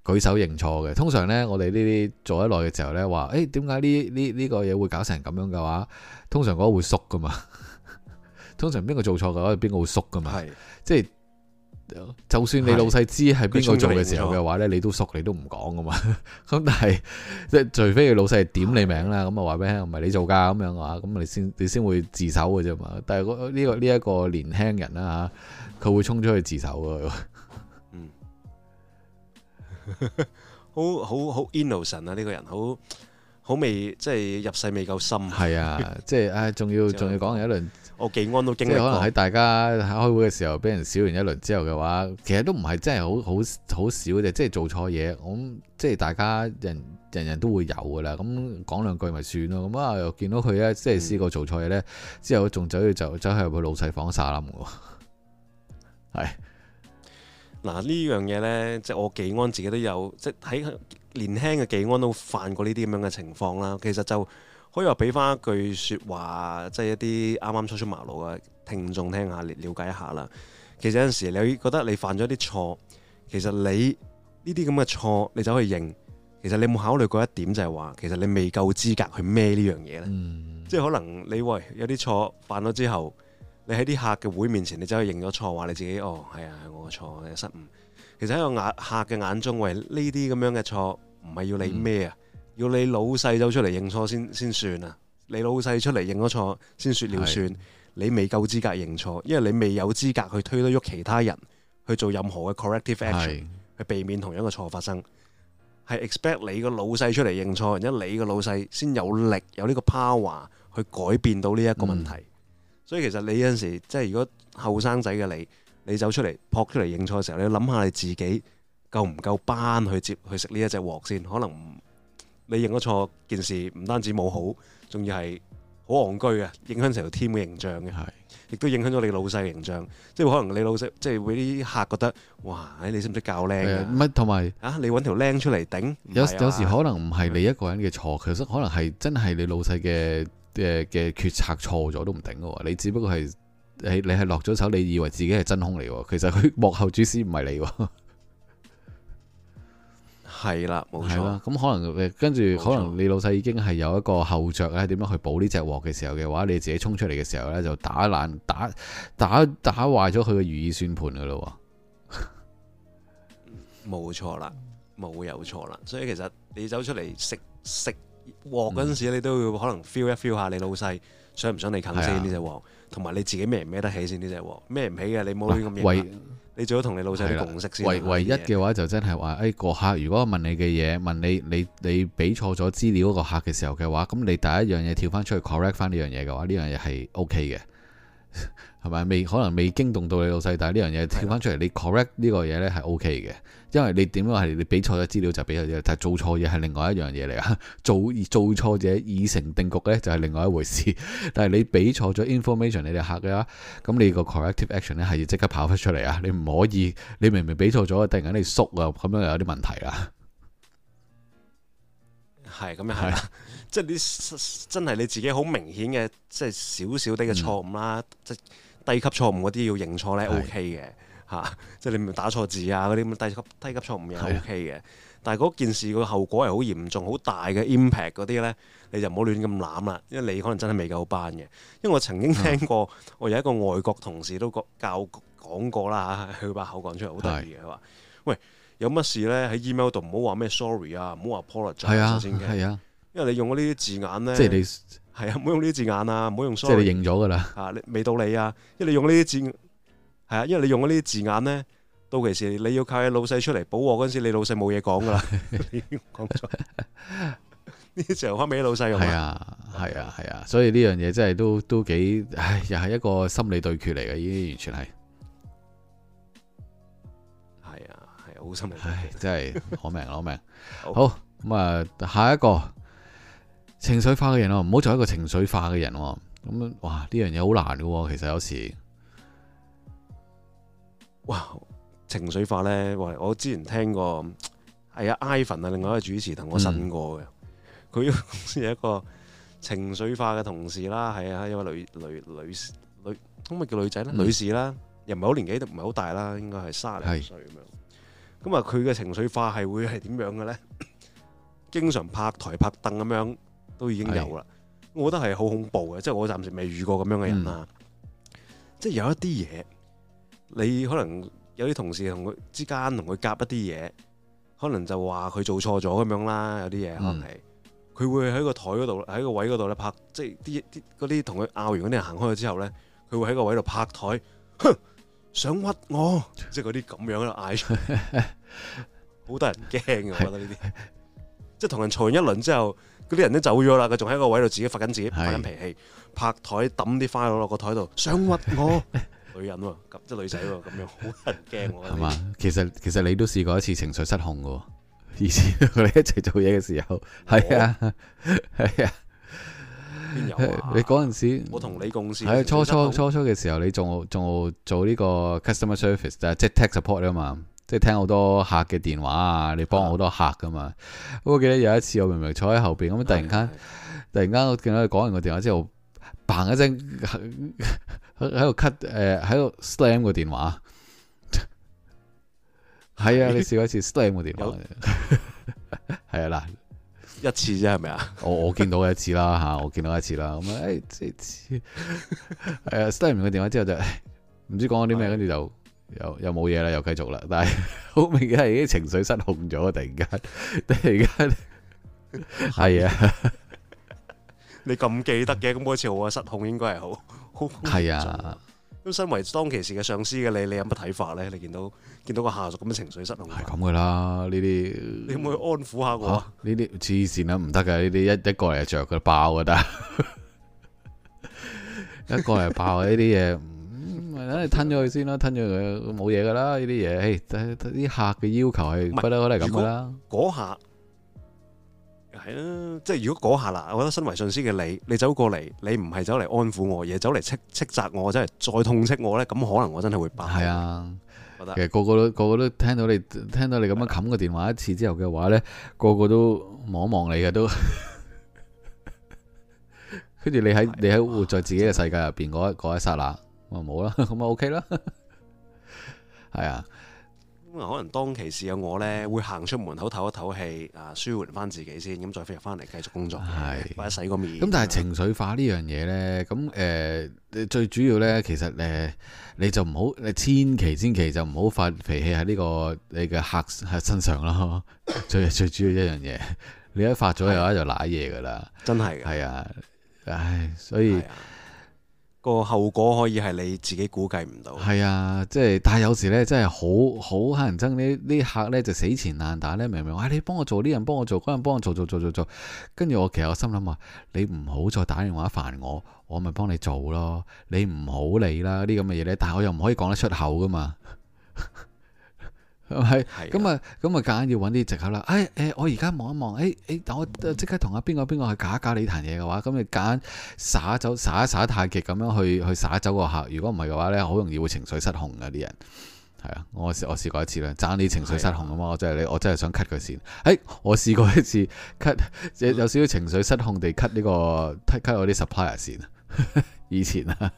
舉手認錯嘅，通常呢，我哋呢啲做得耐嘅時候呢，話、欸、誒，點解呢呢呢個嘢會搞成咁樣嘅話，通常嗰個會縮噶嘛。通常邊個做錯嘅話，邊個會縮噶嘛。是即係就算你老細知係邊個做嘅時候嘅話呢，你都縮，你都唔講噶嘛。咁是 [laughs] 但係即係除非你老細點你名啦，咁啊話俾你聽唔係你做噶，咁樣嘅話，咁你先你先會自首嘅啫嘛。但係呢、呢個呢一、呢個年輕人啦佢會衝出去自首嘅。 [laughs] [laughs] 好好好 innocent 啊，呢個人，好好，好未即係入世未夠深。係 [laughs] 啊，即係啊，仲要仲要講完一輪。 [laughs] 我敬安都驚，可能喺大家喺開會嘅時候，俾人笑完一輪之後嘅話，其實都唔係真係好好好少嘅，即係做錯嘢。咁即係大家人人人都會有噶啦。咁講兩句咪算咯。咁啊又見到佢咧，即係試過做錯嘢咧，嗯、之後仲走去就走去入去老細房耍冧嘅。係。 [laughs] 嗱呢樣嘢呢，即係我紀安自己都有，即係喺年輕嘅紀安都犯過呢啲咁樣嘅情況啦。其實就可以話俾翻一句説話，即係一啲啱啱初出茅廬嘅聽眾聽下，了解一下啦。其實有陣時你覺得你犯咗啲錯，其實你呢啲咁嘅錯你走去認，其實你冇考慮過一點就係話，其實你未夠資格去孭呢樣嘢呢。嗯、即係可能你喂有啲錯犯咗之後。你喺啲客嘅會面前，你走去認咗錯，話你自己哦，係啊係我嘅錯，失誤。其實喺個客嘅眼中，喂，呢啲咁樣嘅錯，唔係要你咩啊？嗯、要你老細走出嚟認錯先先算啊！你老細出嚟認咗錯，先說了算。是你未夠資格認錯，因為你未有資格去推得喐其他人去做任何嘅 corrective action，是去避免同樣嘅錯發生。係 expect 你個老細出嚟認錯，而家你個老細先有力有呢個 power 去改變到呢一個問題。嗯所以其實你有陣時，即係如果後生仔嘅你，你走出嚟撲出嚟認錯嘅時候，你諗下你自己夠唔夠班去接去食呢一隻鑊先？可能你認咗錯件事，唔單止冇好，仲要係好戇居嘅，影響成條 team 嘅形象嘅，亦的都影響咗你老細嘅形象。即係可能你老細，即係會啲客覺得，哇！你識唔識教靚啊？誒同埋啊，你揾條靚出嚟頂，有有時可能唔係你一個人嘅錯，其實的可能係真係你老細嘅。嘅嘅決策錯咗都唔定嘅喎，你只不過係你你係落咗手，你以為自己係真兇嚟喎，其實佢幕後主使唔係你喎，係啦，冇錯。咁可能跟住，錯可能你老細已經係有一個後着啊，點樣去補呢隻鑊嘅時候嘅話，你自己衝出嚟嘅時候呢，就打爛打打打壞咗佢嘅如意算盤嘅咯喎，冇錯啦，冇有，有錯啦，所以其實你走出嚟識識識鑊嗰陣時，你都要可能 feel 一 feel 下你老細想唔想你啃先。呢隻鑊，同埋你自己孭唔孭得起先呢隻鑊，孭唔起嘅，你冇亂咁嘢。啊、你最好同你老細共識先。唯唯一嘅話就真係話，誒、哎、個客如果問你嘅嘢，問你你你俾錯咗資料個客嘅時候嘅話，咁你第一樣嘢跳翻出去 correct 翻呢樣嘢嘅話，呢樣嘢係 OK 嘅。係咪未，可能未驚動到你老細？但係呢樣嘢跳翻出嚟，你 correct 呢個嘢呢係 OK 嘅，因為你點講係你俾錯咗資料就俾錯嘢，但係做錯嘢係另外一樣嘢嚟啊。做做錯嘢已成定局呢就係另外一回事。但係你俾錯咗 information，你哋客嘅啦，咁你個 corrective action 呢係要即刻跑翻出嚟啊！你唔可以，你明明俾錯咗，突然間你縮啊，咁樣又有啲問題啦。係咁又係啦。 [laughs] 即係啲真係你自己好明顯嘅，即係少少啲嘅錯誤啦，嗯、即係低級錯誤嗰啲要認錯咧 OK 嘅嚇。即係你咪打錯字啊嗰啲咁低級低級錯誤又 OK 嘅。是的 但係嗰件事個後果係好嚴重、好大嘅 impact 嗰啲咧，你就唔好亂咁攬啦。因為你可能真係未夠班嘅。因為我曾經聽過，是的 我有一個外國同事都教講過啦嚇，佢把口講出嚟好得意嘅，佢話是的：喂，有乜事咧喺 email 度唔好話咩 sorry 啊，唔好話 apology 先嘅。因為你用嗰啲字眼咧，即係你係啊，唔好用呢啲字眼啊，唔好用。即係你認咗噶啦，啊，未到你啊！因為你用呢啲字眼，係啊，因為你用嗰啲字眼咧，到其時你要靠你老細出嚟補鑊。嗰陣時，你老細冇嘢講噶啦，講錯呢時候翻俾啲老細。係啊，係啊，係啊，所以呢樣嘢真係都都幾唉，又係一個心理對決嚟嘅，依啲完全係係啊，係好、啊、心理對決，真係攞命，攞命。 [laughs] 好咁啊、嗯，下一個。情緒化嘅人喎，唔好做一個情緒化嘅人喎。咁啊，哇！呢樣嘢好難嘅喎，其實有時，哇！情緒化呢，喂！我之前聽過，係啊，Ivan 啊，另外一個主持同我呻過嘅，佢公司有一個情緒化嘅同事啦。係啊，一位女女女女，咁咪叫女仔咧，嗯、女士啦，又唔係好年紀，唔係好大啦，應該係卅零歲咁樣。咁啊是，佢嘅情緒化係會係點樣嘅呢？經常拍台拍凳咁樣。都已經有啦，的我覺得係好恐怖嘅，即、就、係、是、我暫時未遇過咁樣嘅人啊！嗯、即係有一啲嘢，你可能有啲同事同佢之間同佢夾一啲嘢，可能就話佢做錯咗咁樣啦，有啲嘢可能係，佢、嗯、會喺個台嗰度喺個位嗰度咧拍，即係啲啲同佢拗完嗰啲人行開咗之後咧，佢會喺個位度拍台，哼，想屈我，即係嗰啲咁樣喺度嗌出， [laughs] 好多人驚，我覺得呢啲，即係同人嘈完一輪之後。啲人都走咗啦，佢仲喺個位度自己發緊自己發緊脾氣，拍台抌啲花落個台度， [laughs] 想屈我 [laughs] 女人喎、啊，即係女仔喎、啊，咁樣好人驚喎。係嘛、啊？其實其實你都試過一次情緒失控噶，以前佢哋一齊做嘢嘅時候，係啊係啊。邊、啊、有、啊？你嗰陣時， [laughs] 我同你共事。係初初初初嘅時候你，你仲仲做呢個 customer service 即係 tech support，啊嘛？即係聽好多客嘅電話啊！你幫好多客噶嘛？我記得有一次，我明明坐喺後邊，咁突然間突然間我見到佢講完個電話之後，嘭一聲喺度 cut 誒，喺度 slam 個電話。係啊，你試過一次 slam 個電話？係啊，嗱，一次啫，係咪啊？我我見到一次啦吓，我見到一次啦。咁啊，誒，即係係 slam 完個電話之後就唔知講咗啲咩，跟住就。又又冇嘢啦，又繼續啦。但係好明顯係已經情緒失控咗啊！突然間，突然間係啊！你咁記得嘅，咁嗰次我嘅失控應該係好好嚴重。咁身為當其時嘅上司嘅你，你有乜睇法咧？你見到見到個下屬咁嘅情緒失控，係咁噶啦！呢啲你會唔會安撫下我？呢啲黐線啊，唔得㗎呢啲一一個嚟就著佢爆㗎得，一個嚟爆呢啲嘢。咪等你吞咗佢先啦，吞咗佢冇嘢噶啦。呢啲嘢，誒，啲客嘅要求係不得可能係咁噶啦。嗰下係啦、啊。即係如果嗰下嗱，我覺得身為上司嘅你，你走過嚟，你唔係走嚟安撫我，而係走嚟斥斥責我，真係再痛斥我咧，咁可能我真係會爆，係啊。覺得其實個個都個個都聽到你聽到你咁樣冚個電話一次之後嘅話咧，啊、個個都望一望你嘅都。跟 [laughs] 住你喺你喺，啊、活在自己嘅世界入邊嗰嗰一剎那。冇啦，咁啊 OK 啦，係 [laughs] 啊，咁啊可能當其時有我呢，會行出門口唞一唞氣，啊舒緩翻自己先，咁再翻入翻嚟繼續工作，係是或者洗個面。咁但係情緒化呢樣嘢呢，咁誒、呃、最主要呢，其實誒、呃、你就唔好，你千祈千祈就唔好發脾氣喺呢個你嘅客身上咯，最 [laughs] 最主要一樣嘢，你一發咗又一就瀨嘢噶啦，真係，係啊，唉，所以。個後果可以係你自己估計唔到，係啊，即係，但係有時呢，真係好好乞人憎，呢呢客呢，就死纏爛打咧，明明話你幫我做呢人，幫我做嗰人，幫我做做做做做，跟住我其實我心諗話，你唔好再打電話煩我，我咪幫你做咯，你唔好理啦呢咁嘅嘢呢。但係我又唔可以講得出口噶嘛。 [laughs] 係咪？咁啊，咁啊的，夾硬要揾啲藉口啦。誒、哎，誒、欸，我而家望一望，誒、哎，誒、哎，我即刻同阿邊個邊個去搞一搞你單嘢嘅話，咁你夾硬耍走耍一耍太極咁樣去去耍走個客。如果唔係嘅話咧，好容易會情緒失控嘅啲人。係啊，我我試過一次咧，爭啲情緒失控啊嘛！我就係我真係想 cut 佢先，誒、哎，我試過一次 cut，有有少少情緒失控地 cut 呢、這個、啊、cut 我啲 supplier 綫。以前啊，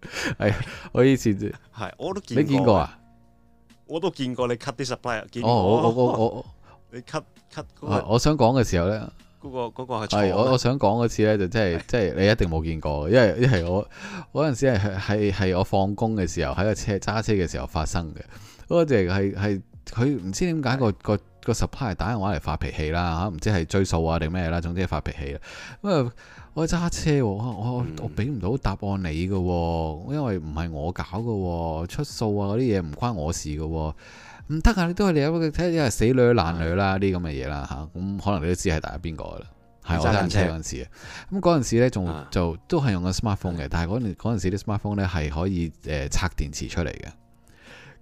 係、 [laughs] 哎、我以前係 all [laughs] 你見過啊？我都見過你 cut 啲 supply，見過。我我我你 cut cut 我。我想講嘅時候咧，嗰個嗰個係錯。係，我我想講嗰次咧，就即係即係你一定冇見過，因為因為我嗰陣 [laughs] 時係係我放工嘅時候喺個車揸車嘅時候發生嘅。嗰陣係佢唔知點解是、嗰個個個 supply 打電話嚟發脾氣啦嚇，唔知係追數啊定咩啦，總之發脾氣啦。咁啊～我揸車喎，我我俾唔到答案你嘅，因為唔係我搞嘅，出數啊嗰啲嘢唔關我事嘅，唔得啊！你都係你睇下啲係死女爛女啦，啲咁嘅嘢啦嚇，咁可能你都知係大家邊個啦，係我揸車嗰陣時咁嗰陣時咧仲就都係用個 smartphone 嘅，但係嗰陣嗰時啲 smartphone 咧係可以誒拆電池出嚟嘅。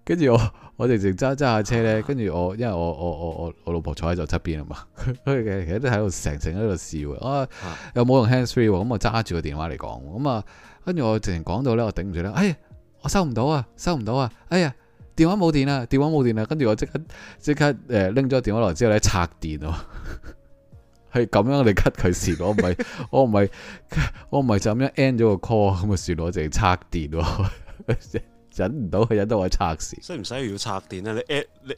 跟住我，我直情揸揸下車咧。跟住我，因為我我我我我老婆坐喺咗側邊啊嘛，所以其實都喺度成成喺度笑。啊，啊又冇用 hands free，咁我揸住個電話嚟講。咁、嗯、啊，跟住我直情講到咧，我頂唔住啦。哎呀，我收唔到啊，收唔到啊。哎呀，電話冇電啦，電話冇電啦。跟住我即刻即刻誒拎咗電話落嚟之後咧，拆電。係 [laughs] 咁樣嚟 cut 佢事。我唔係 [laughs] 我唔係我唔係就咁樣 end 咗個 call 咁啊算咯，淨係拆電。 [laughs] 忍唔到佢，忍得我拆線。使唔使要拆電咧？你 A，你，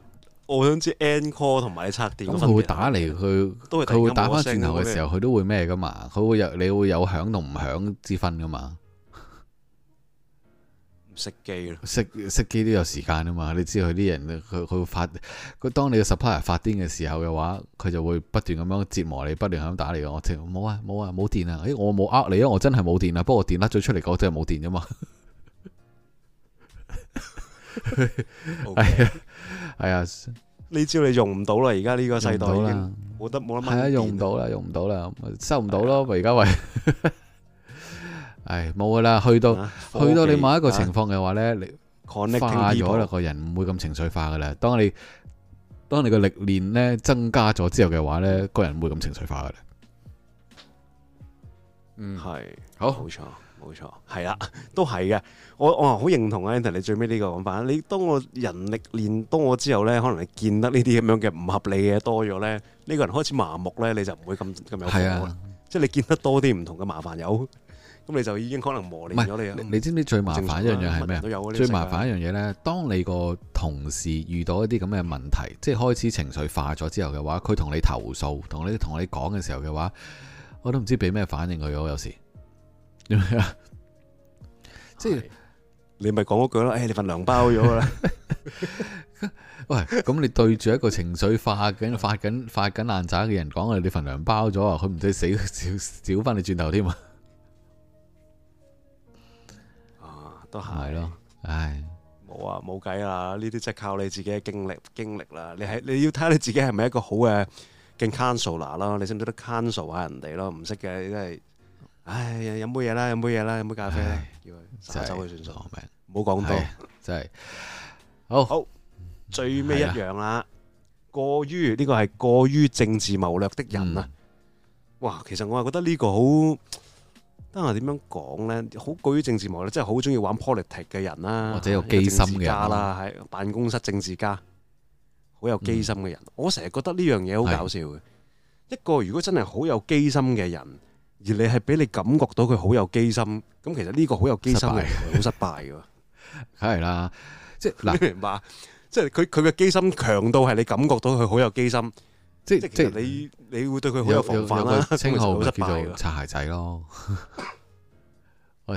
我想知 N call 同埋拆電咁，佢會打嚟佢，佢會打翻轉頭嘅時候，佢都會咩噶嘛？佢會有你會有響同唔響之分噶嘛？熄機咯，熄熄機都有時間啊嘛！你知佢啲人，佢佢會發佢。當你個 supplier 發癲嘅時候嘅話，佢就會不斷咁樣折磨你，不斷咁打嚟我，停冇啊冇啊冇電啊！誒、啊欸，我冇呃你因為，我真係冇電啊！不過電甩咗出嚟，我就係冇電啫嘛。係啊，係啊，呢招你用唔到啦，而家呢個世代已經，我覺得冇得冇得係啊，用唔到啦，用唔到啦，收唔到咯。咪而家喂，唉，冇噶啦，去到、啊、去到你某一個情況嘅話咧，啊、你、啊、化咗啦，個人唔會咁情緒化噶啦。當你當你個歷練咧增加咗之後嘅話咧，個人唔會咁情緒化噶啦。嗯是，係好，冇錯。冇錯，係啦，都係嘅。我我好認同啊 [music] ，Anthony 你最尾呢個講法。你當我人力練多咗之後呢，可能你見得呢啲咁樣嘅唔合理嘅多咗呢，呢個人開始麻木呢，你就唔會咁咁有。的即係你見得多啲唔同嘅麻煩友，咁你就已經可能磨練咗你。是你知唔知最麻煩一樣嘢係咩？最麻煩一樣嘢呢，當你個同事遇到一啲咁嘅問題，即係開始情緒化咗之後嘅話，佢同你投訴，同你同你講嘅時候嘅話，我都唔知俾咩反應佢，我有時。哎，即係你咪講嗰句咯，誒、哎，你份糧包咗啦。 [laughs] 喂，咁 [laughs] 你對住一個情緒化、緊發緊發緊爛渣嘅人講，你份糧包咗啊？佢唔使死少少翻你轉頭添啊！啊，都係咯，唉、哎，冇啊，冇計啊！呢啲即係靠你自己嘅經歷經歷啦。你係你要睇下你自己係咪一個好嘅嘅 counselor 咯？你識唔識得 counsel 下人哋咯？唔識嘅真係。唉，飲杯嘢啦，飲杯嘢啦，飲杯咖啡，叫佢走佢算數，唔好講多，真係好好最尾一樣啦，過於呢個係過於政治謀略的人啊！哇，其實我係覺得呢個好，等我點樣講呢？好過於政治謀略，即係好中意玩 politics 嘅人啦，或者有機心嘅，辦公室政治家，好有機心嘅人。我成日覺得呢樣嘢好搞笑嘅，一個如果真係好有機心嘅人。而你係俾你感覺到佢好有機心，咁其實呢個好有機心嘅好失敗嘅，梗係啦， [laughs] 了即係嗱，明白，即係佢佢嘅機心強度係你感覺到佢好有機心，即即即係你，你會對佢好有防範啦。稱號 [laughs] 叫做擦鞋仔咯。 [laughs] [laughs]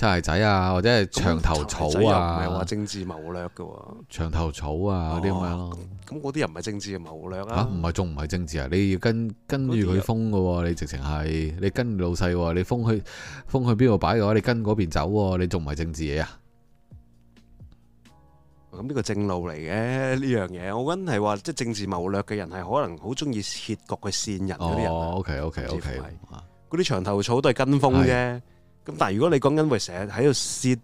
細仔啊，或者係長頭草啊，唔係話政治謀略嘅喎、啊。長頭草啊，啲咁、哦、樣咯、啊。咁嗰啲又唔係政治嘅謀略啊？唔係仲唔係政治啊？你要跟跟住佢風嘅喎，你直情係你跟老細、啊，你風去風去邊度擺嘅話，你跟嗰邊走喎、啊，你仲唔係政治嘢啊？咁呢個正路嚟嘅呢樣嘢，我諗係話即係政治謀略嘅人係可能好中意設局嘅線人嗰啲人、啊。哦，OK，OK，OK，嗰啲長頭草都係跟風啫。的但係如果你講緊，為成日喺度 set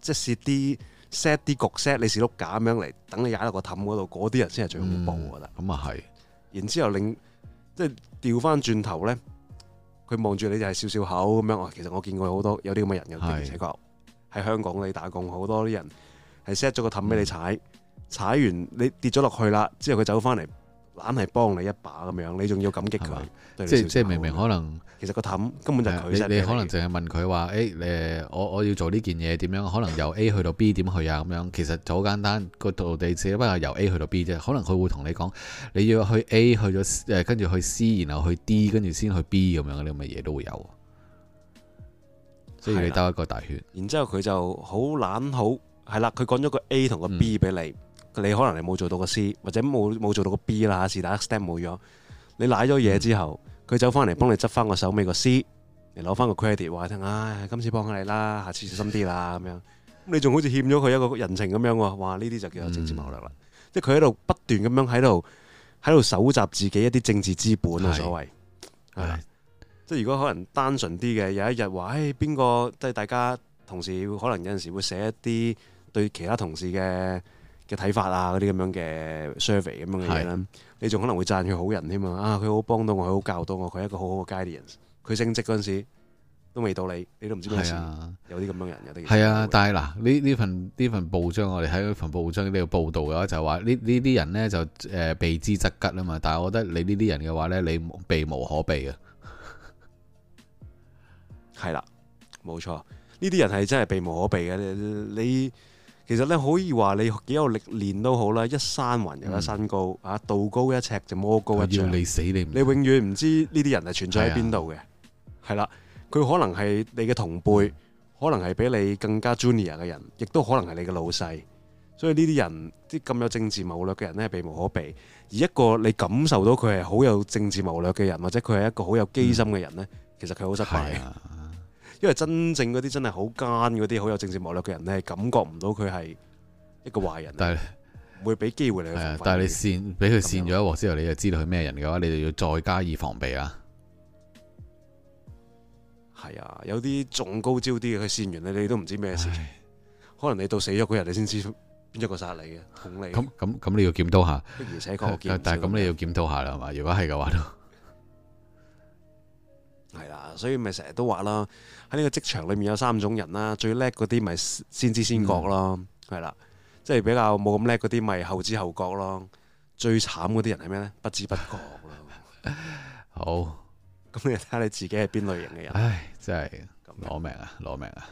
即係 set 啲 set 啲局 set 你士碌架咁樣嚟等你踩落個氹嗰度，嗰啲人先係最恐怖噶啦。咁啊係，嗯、然之後令即係調翻轉頭咧，佢望住你就係笑笑口咁樣。啊，其實我見過好多有啲咁嘅人嘅，係踩角喺香港你打工好多啲人係 set 咗個氹俾你踩，踩、嗯、完你跌咗落去啦，之後佢走翻嚟。攬係幫你一把咁樣，你仲要感激佢。吧少少即即明明可能，其實個氹根本就佢。你，你可能淨係問佢話：，誒、哎，誒，我我要做呢件嘢點樣？可能由 A 去到 B 點去啊？咁樣其實就好簡單，個道地鐵不過由 A 去到 B 啫。可能佢會同你講，你要去 A 去咗跟住去 C，然後去 D，跟住先去 B 咁樣嗰啲咁嘅嘢都會有。所以你兜一個大圈。然之後佢就好攬好，係啦，佢講咗個 A 同個 B 俾你、嗯。你可能你冇做到個 C，或者冇冇做到個 B 啦，是但 step 冇咗。你賴咗嘢之後，佢、嗯、走翻嚟幫你執翻個手尾個 C、嗯、你攞翻個 credit，話你聽唉，今次幫你啦，下次小心啲啦，咁樣你仲好似欠咗佢一個人情咁樣喎。哇，呢啲就叫做政治謀略啦，嗯、即係佢喺度不斷咁樣喺度喺度搜集自己一啲政治資本啊，的所謂係即係如果可能單純啲嘅，有一日話唉，邊個即係大家同事，可能有陣時會寫一啲對其他同事嘅。嘅睇法啊，嗰啲咁樣嘅 survey 咁樣嘅嘢咧，你仲可能會讚佢好人添嘛？啊，佢好幫到我，佢好教到我，佢係一個好好嘅 guidance 人。佢升職嗰陣時都未到你，你都唔知咩啊，的有啲咁樣人有嘅，係啊的。但係嗱，呢呢份呢份報章，我哋喺嗰份報章呢度報道嘅話，就話呢呢啲人呢就誒避之則吉啊嘛。但係我覺得你呢啲人嘅話呢，你避無可避啊。係 [laughs] 啦，冇錯，呢啲人係真係避無可避嘅。你。你其實咧，可以話你幾有歷練都好啦，一山還有一山高，吓、嗯、道高一尺就魔高一丈。你死你你永遠唔知呢啲人係存在喺邊度嘅，係啦、啊，佢可能係你嘅同輩，嗯、可能係比你更加 junior 嘅人，亦都可能係你嘅老細。所以呢啲人，啲咁有政治謀略嘅人咧，避無可避。而一個你感受到佢係好有政治謀略嘅人，或者佢係一個好有機心嘅人咧，嗯、其實佢好失敗因為真正嗰啲真係好奸嗰啲好有政治謀略嘅人咧，感覺唔到佢係一個壞人，但係會俾機會你去防範。但係你線俾佢線咗一鑊之後，你就知道佢咩人嘅話，你就要再加以防備啊。係啊，有啲仲高招啲嘅，佢線完你，你都唔知咩事。的可能你到死咗嗰日，你先知邊一個殺你嘅，捅你。咁咁你要檢討下。而但係咁你要檢討下啦，係嘛？如果係嘅話都係啦，所以咪成日都話啦。喺呢個職場裏面有三種人啦，最叻嗰啲咪先知先覺咯，係啦、嗯，即係比較冇咁叻嗰啲咪後知後覺咯，最慘嗰啲人係咩呢？不知不覺咯。好，咁你睇下你自己係邊類型嘅人？唉，真係攞命啊，攞命啊！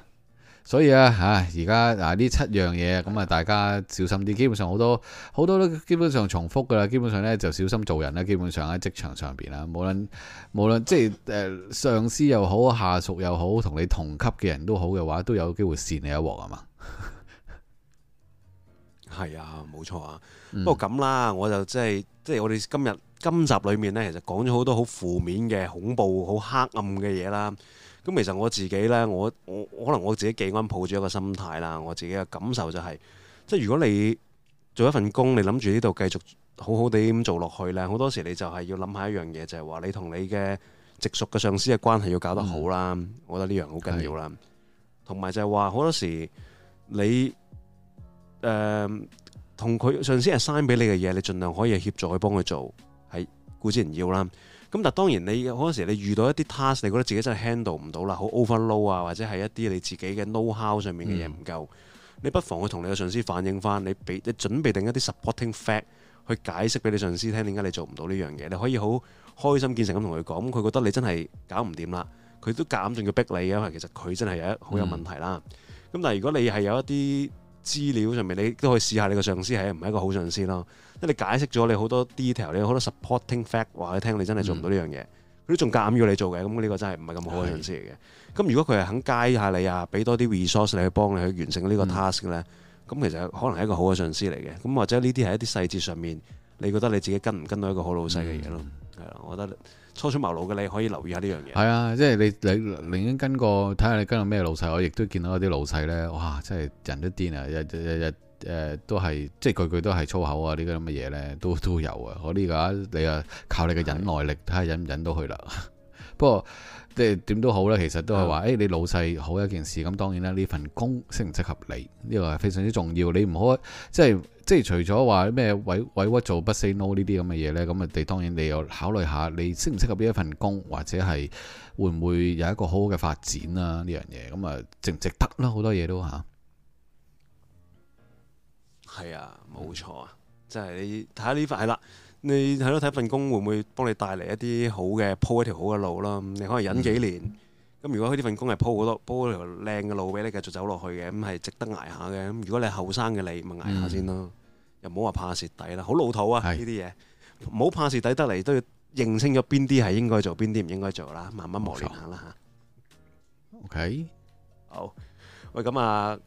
所以啊，吓而家嗱呢七樣嘢，咁啊大家小心啲。基本上好多好多都基本上重複噶啦。基本上呢，就小心做人啦。基本上喺職場上邊啦，無論無論即係上司又好，下屬又好，同你同級嘅人都好嘅話，都有機會扇你一鑊啊嘛。係啊，冇錯啊。嗯，不過咁啦，我就即係即係我哋今日今集裏面呢，其實講咗好多好負面嘅、恐怖、好黑暗嘅嘢啦。咁其實我自己呢，我我可能我自己幾安抱住一個心態啦。我自己嘅感受就係、是，即係如果你做一份工，你諗住呢度繼續好好地咁做落去呢，好多時你就係要諗下一樣嘢，就係、是、話你同你嘅直屬嘅上司嘅關係要搞得好啦。嗯、我覺得呢樣好緊要啦。同埋是就係話好多時你誒同佢上司係 sign 俾你嘅嘢，你盡量可以協助去幫佢做，係固之然要啦。咁但係當然你，你好多時你遇到一啲 task，你覺得自己真係 handle 唔到啦，好 overload 啊，或者係一啲你自己嘅 know how 上面嘅嘢唔夠，嗯、你不妨去同你嘅上司反映翻，你俾你準備定一啲 supporting fact 去解釋俾你上司聽點解你做唔到呢樣嘢。你可以好開心見誠咁同佢講，佢覺得你真係搞唔掂啦，佢都夾硬仲要逼你嘅，因為其實佢真係有一好有問題啦。咁、嗯、但係如果你係有一啲資料上面，你都可以試下你嘅上司係唔係一個好上司咯。即你解釋咗你好多 detail，你好多 supporting fact 話你聽，你，你，你真係做唔到呢樣嘢，佢都仲夾硬要你做嘅，咁呢個真係唔係咁好嘅上司嚟嘅。咁的如果佢係肯介下你啊，俾多啲 resource 你去幫你去完成呢個 task 咧，咁其實可能係一個好嘅上司嚟嘅。咁或者呢啲係一啲細節上面，你覺得你自己跟唔跟到一個好老細嘅嘢咯？係啊、嗯嗯，我覺得初出茅廬嘅你可以留意下呢樣嘢。係啊的，即係你你已經跟過，睇下你跟過咩老細，我亦都見到有啲老細咧，哇！真係人都癲啊，誒、呃，都係即係句句都係粗口啊！呢啲咁嘅嘢呢，都都有啊。我呢個，你啊靠你嘅忍耐力，睇下是的 忍唔忍到佢啦。 [laughs] 不過即係點都好咧，其實都係話，誒是的、哎、你老細好一件事。咁當然啦，呢份工適唔適合你呢個係非常之重要。你唔好即係即係除咗話咩委委屈做不 say no 呢啲咁嘅嘢呢。咁啊你當然你又考慮下，你適唔適合呢一份工，或者係會唔會有一個好好嘅發展啊？呢樣嘢咁啊值唔值得啦？好多嘢都吓。啊啊係啊，冇錯啊，即係、嗯、你睇下呢份係啦，你睇到睇份工會唔會幫你帶嚟一啲好嘅鋪一條好嘅路咯？你可以忍幾年，咁、嗯、如果佢呢份工係鋪好多鋪一條靚嘅路俾你，繼續走落去嘅，咁係值得挨下嘅。咁如果你後生嘅你，咪挨下先咯，嗯、又唔好話怕蝕底啦，好老土啊呢啲嘢，唔好是怕蝕底得嚟都要認清咗邊啲係應該做，邊啲唔應該做啦，慢慢磨練下啦吓。OK，好，喂咁啊。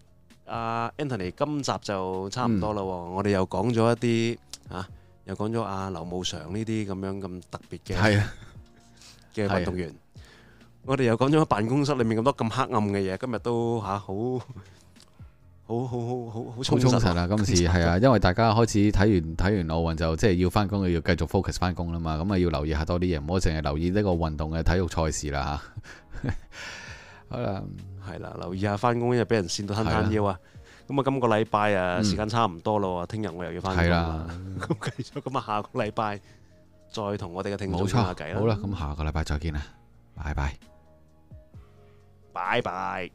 阿、uh, Anthony，今集就差唔多啦，嗯、我哋又講咗一啲嚇、啊，又講咗阿劉慕常呢啲咁樣咁特別嘅，係啊嘅運動員。啊、我哋又講咗辦公室裏面咁多咁黑暗嘅嘢，今日都嚇好好好好好好，好好好好好充實啦、啊。今次係啊，因為大家開始睇完睇完奧運就即係要翻工，要繼續 focus 翻工啦嘛。咁啊要留意下多啲嘢，唔好淨係留意呢個運動嘅體育賽事啦嚇。啊、 [laughs] 好啦。係啦，留意下翻工又俾人跣到吞吞腰啊！咁啊，今個禮拜啊，時間差唔多咯，聽日我又要翻工啦。咁繼續，咁啊，下個禮拜再同我哋嘅聽眾傾下偈啦。好啦，咁下個禮拜再見啦，拜拜，拜拜。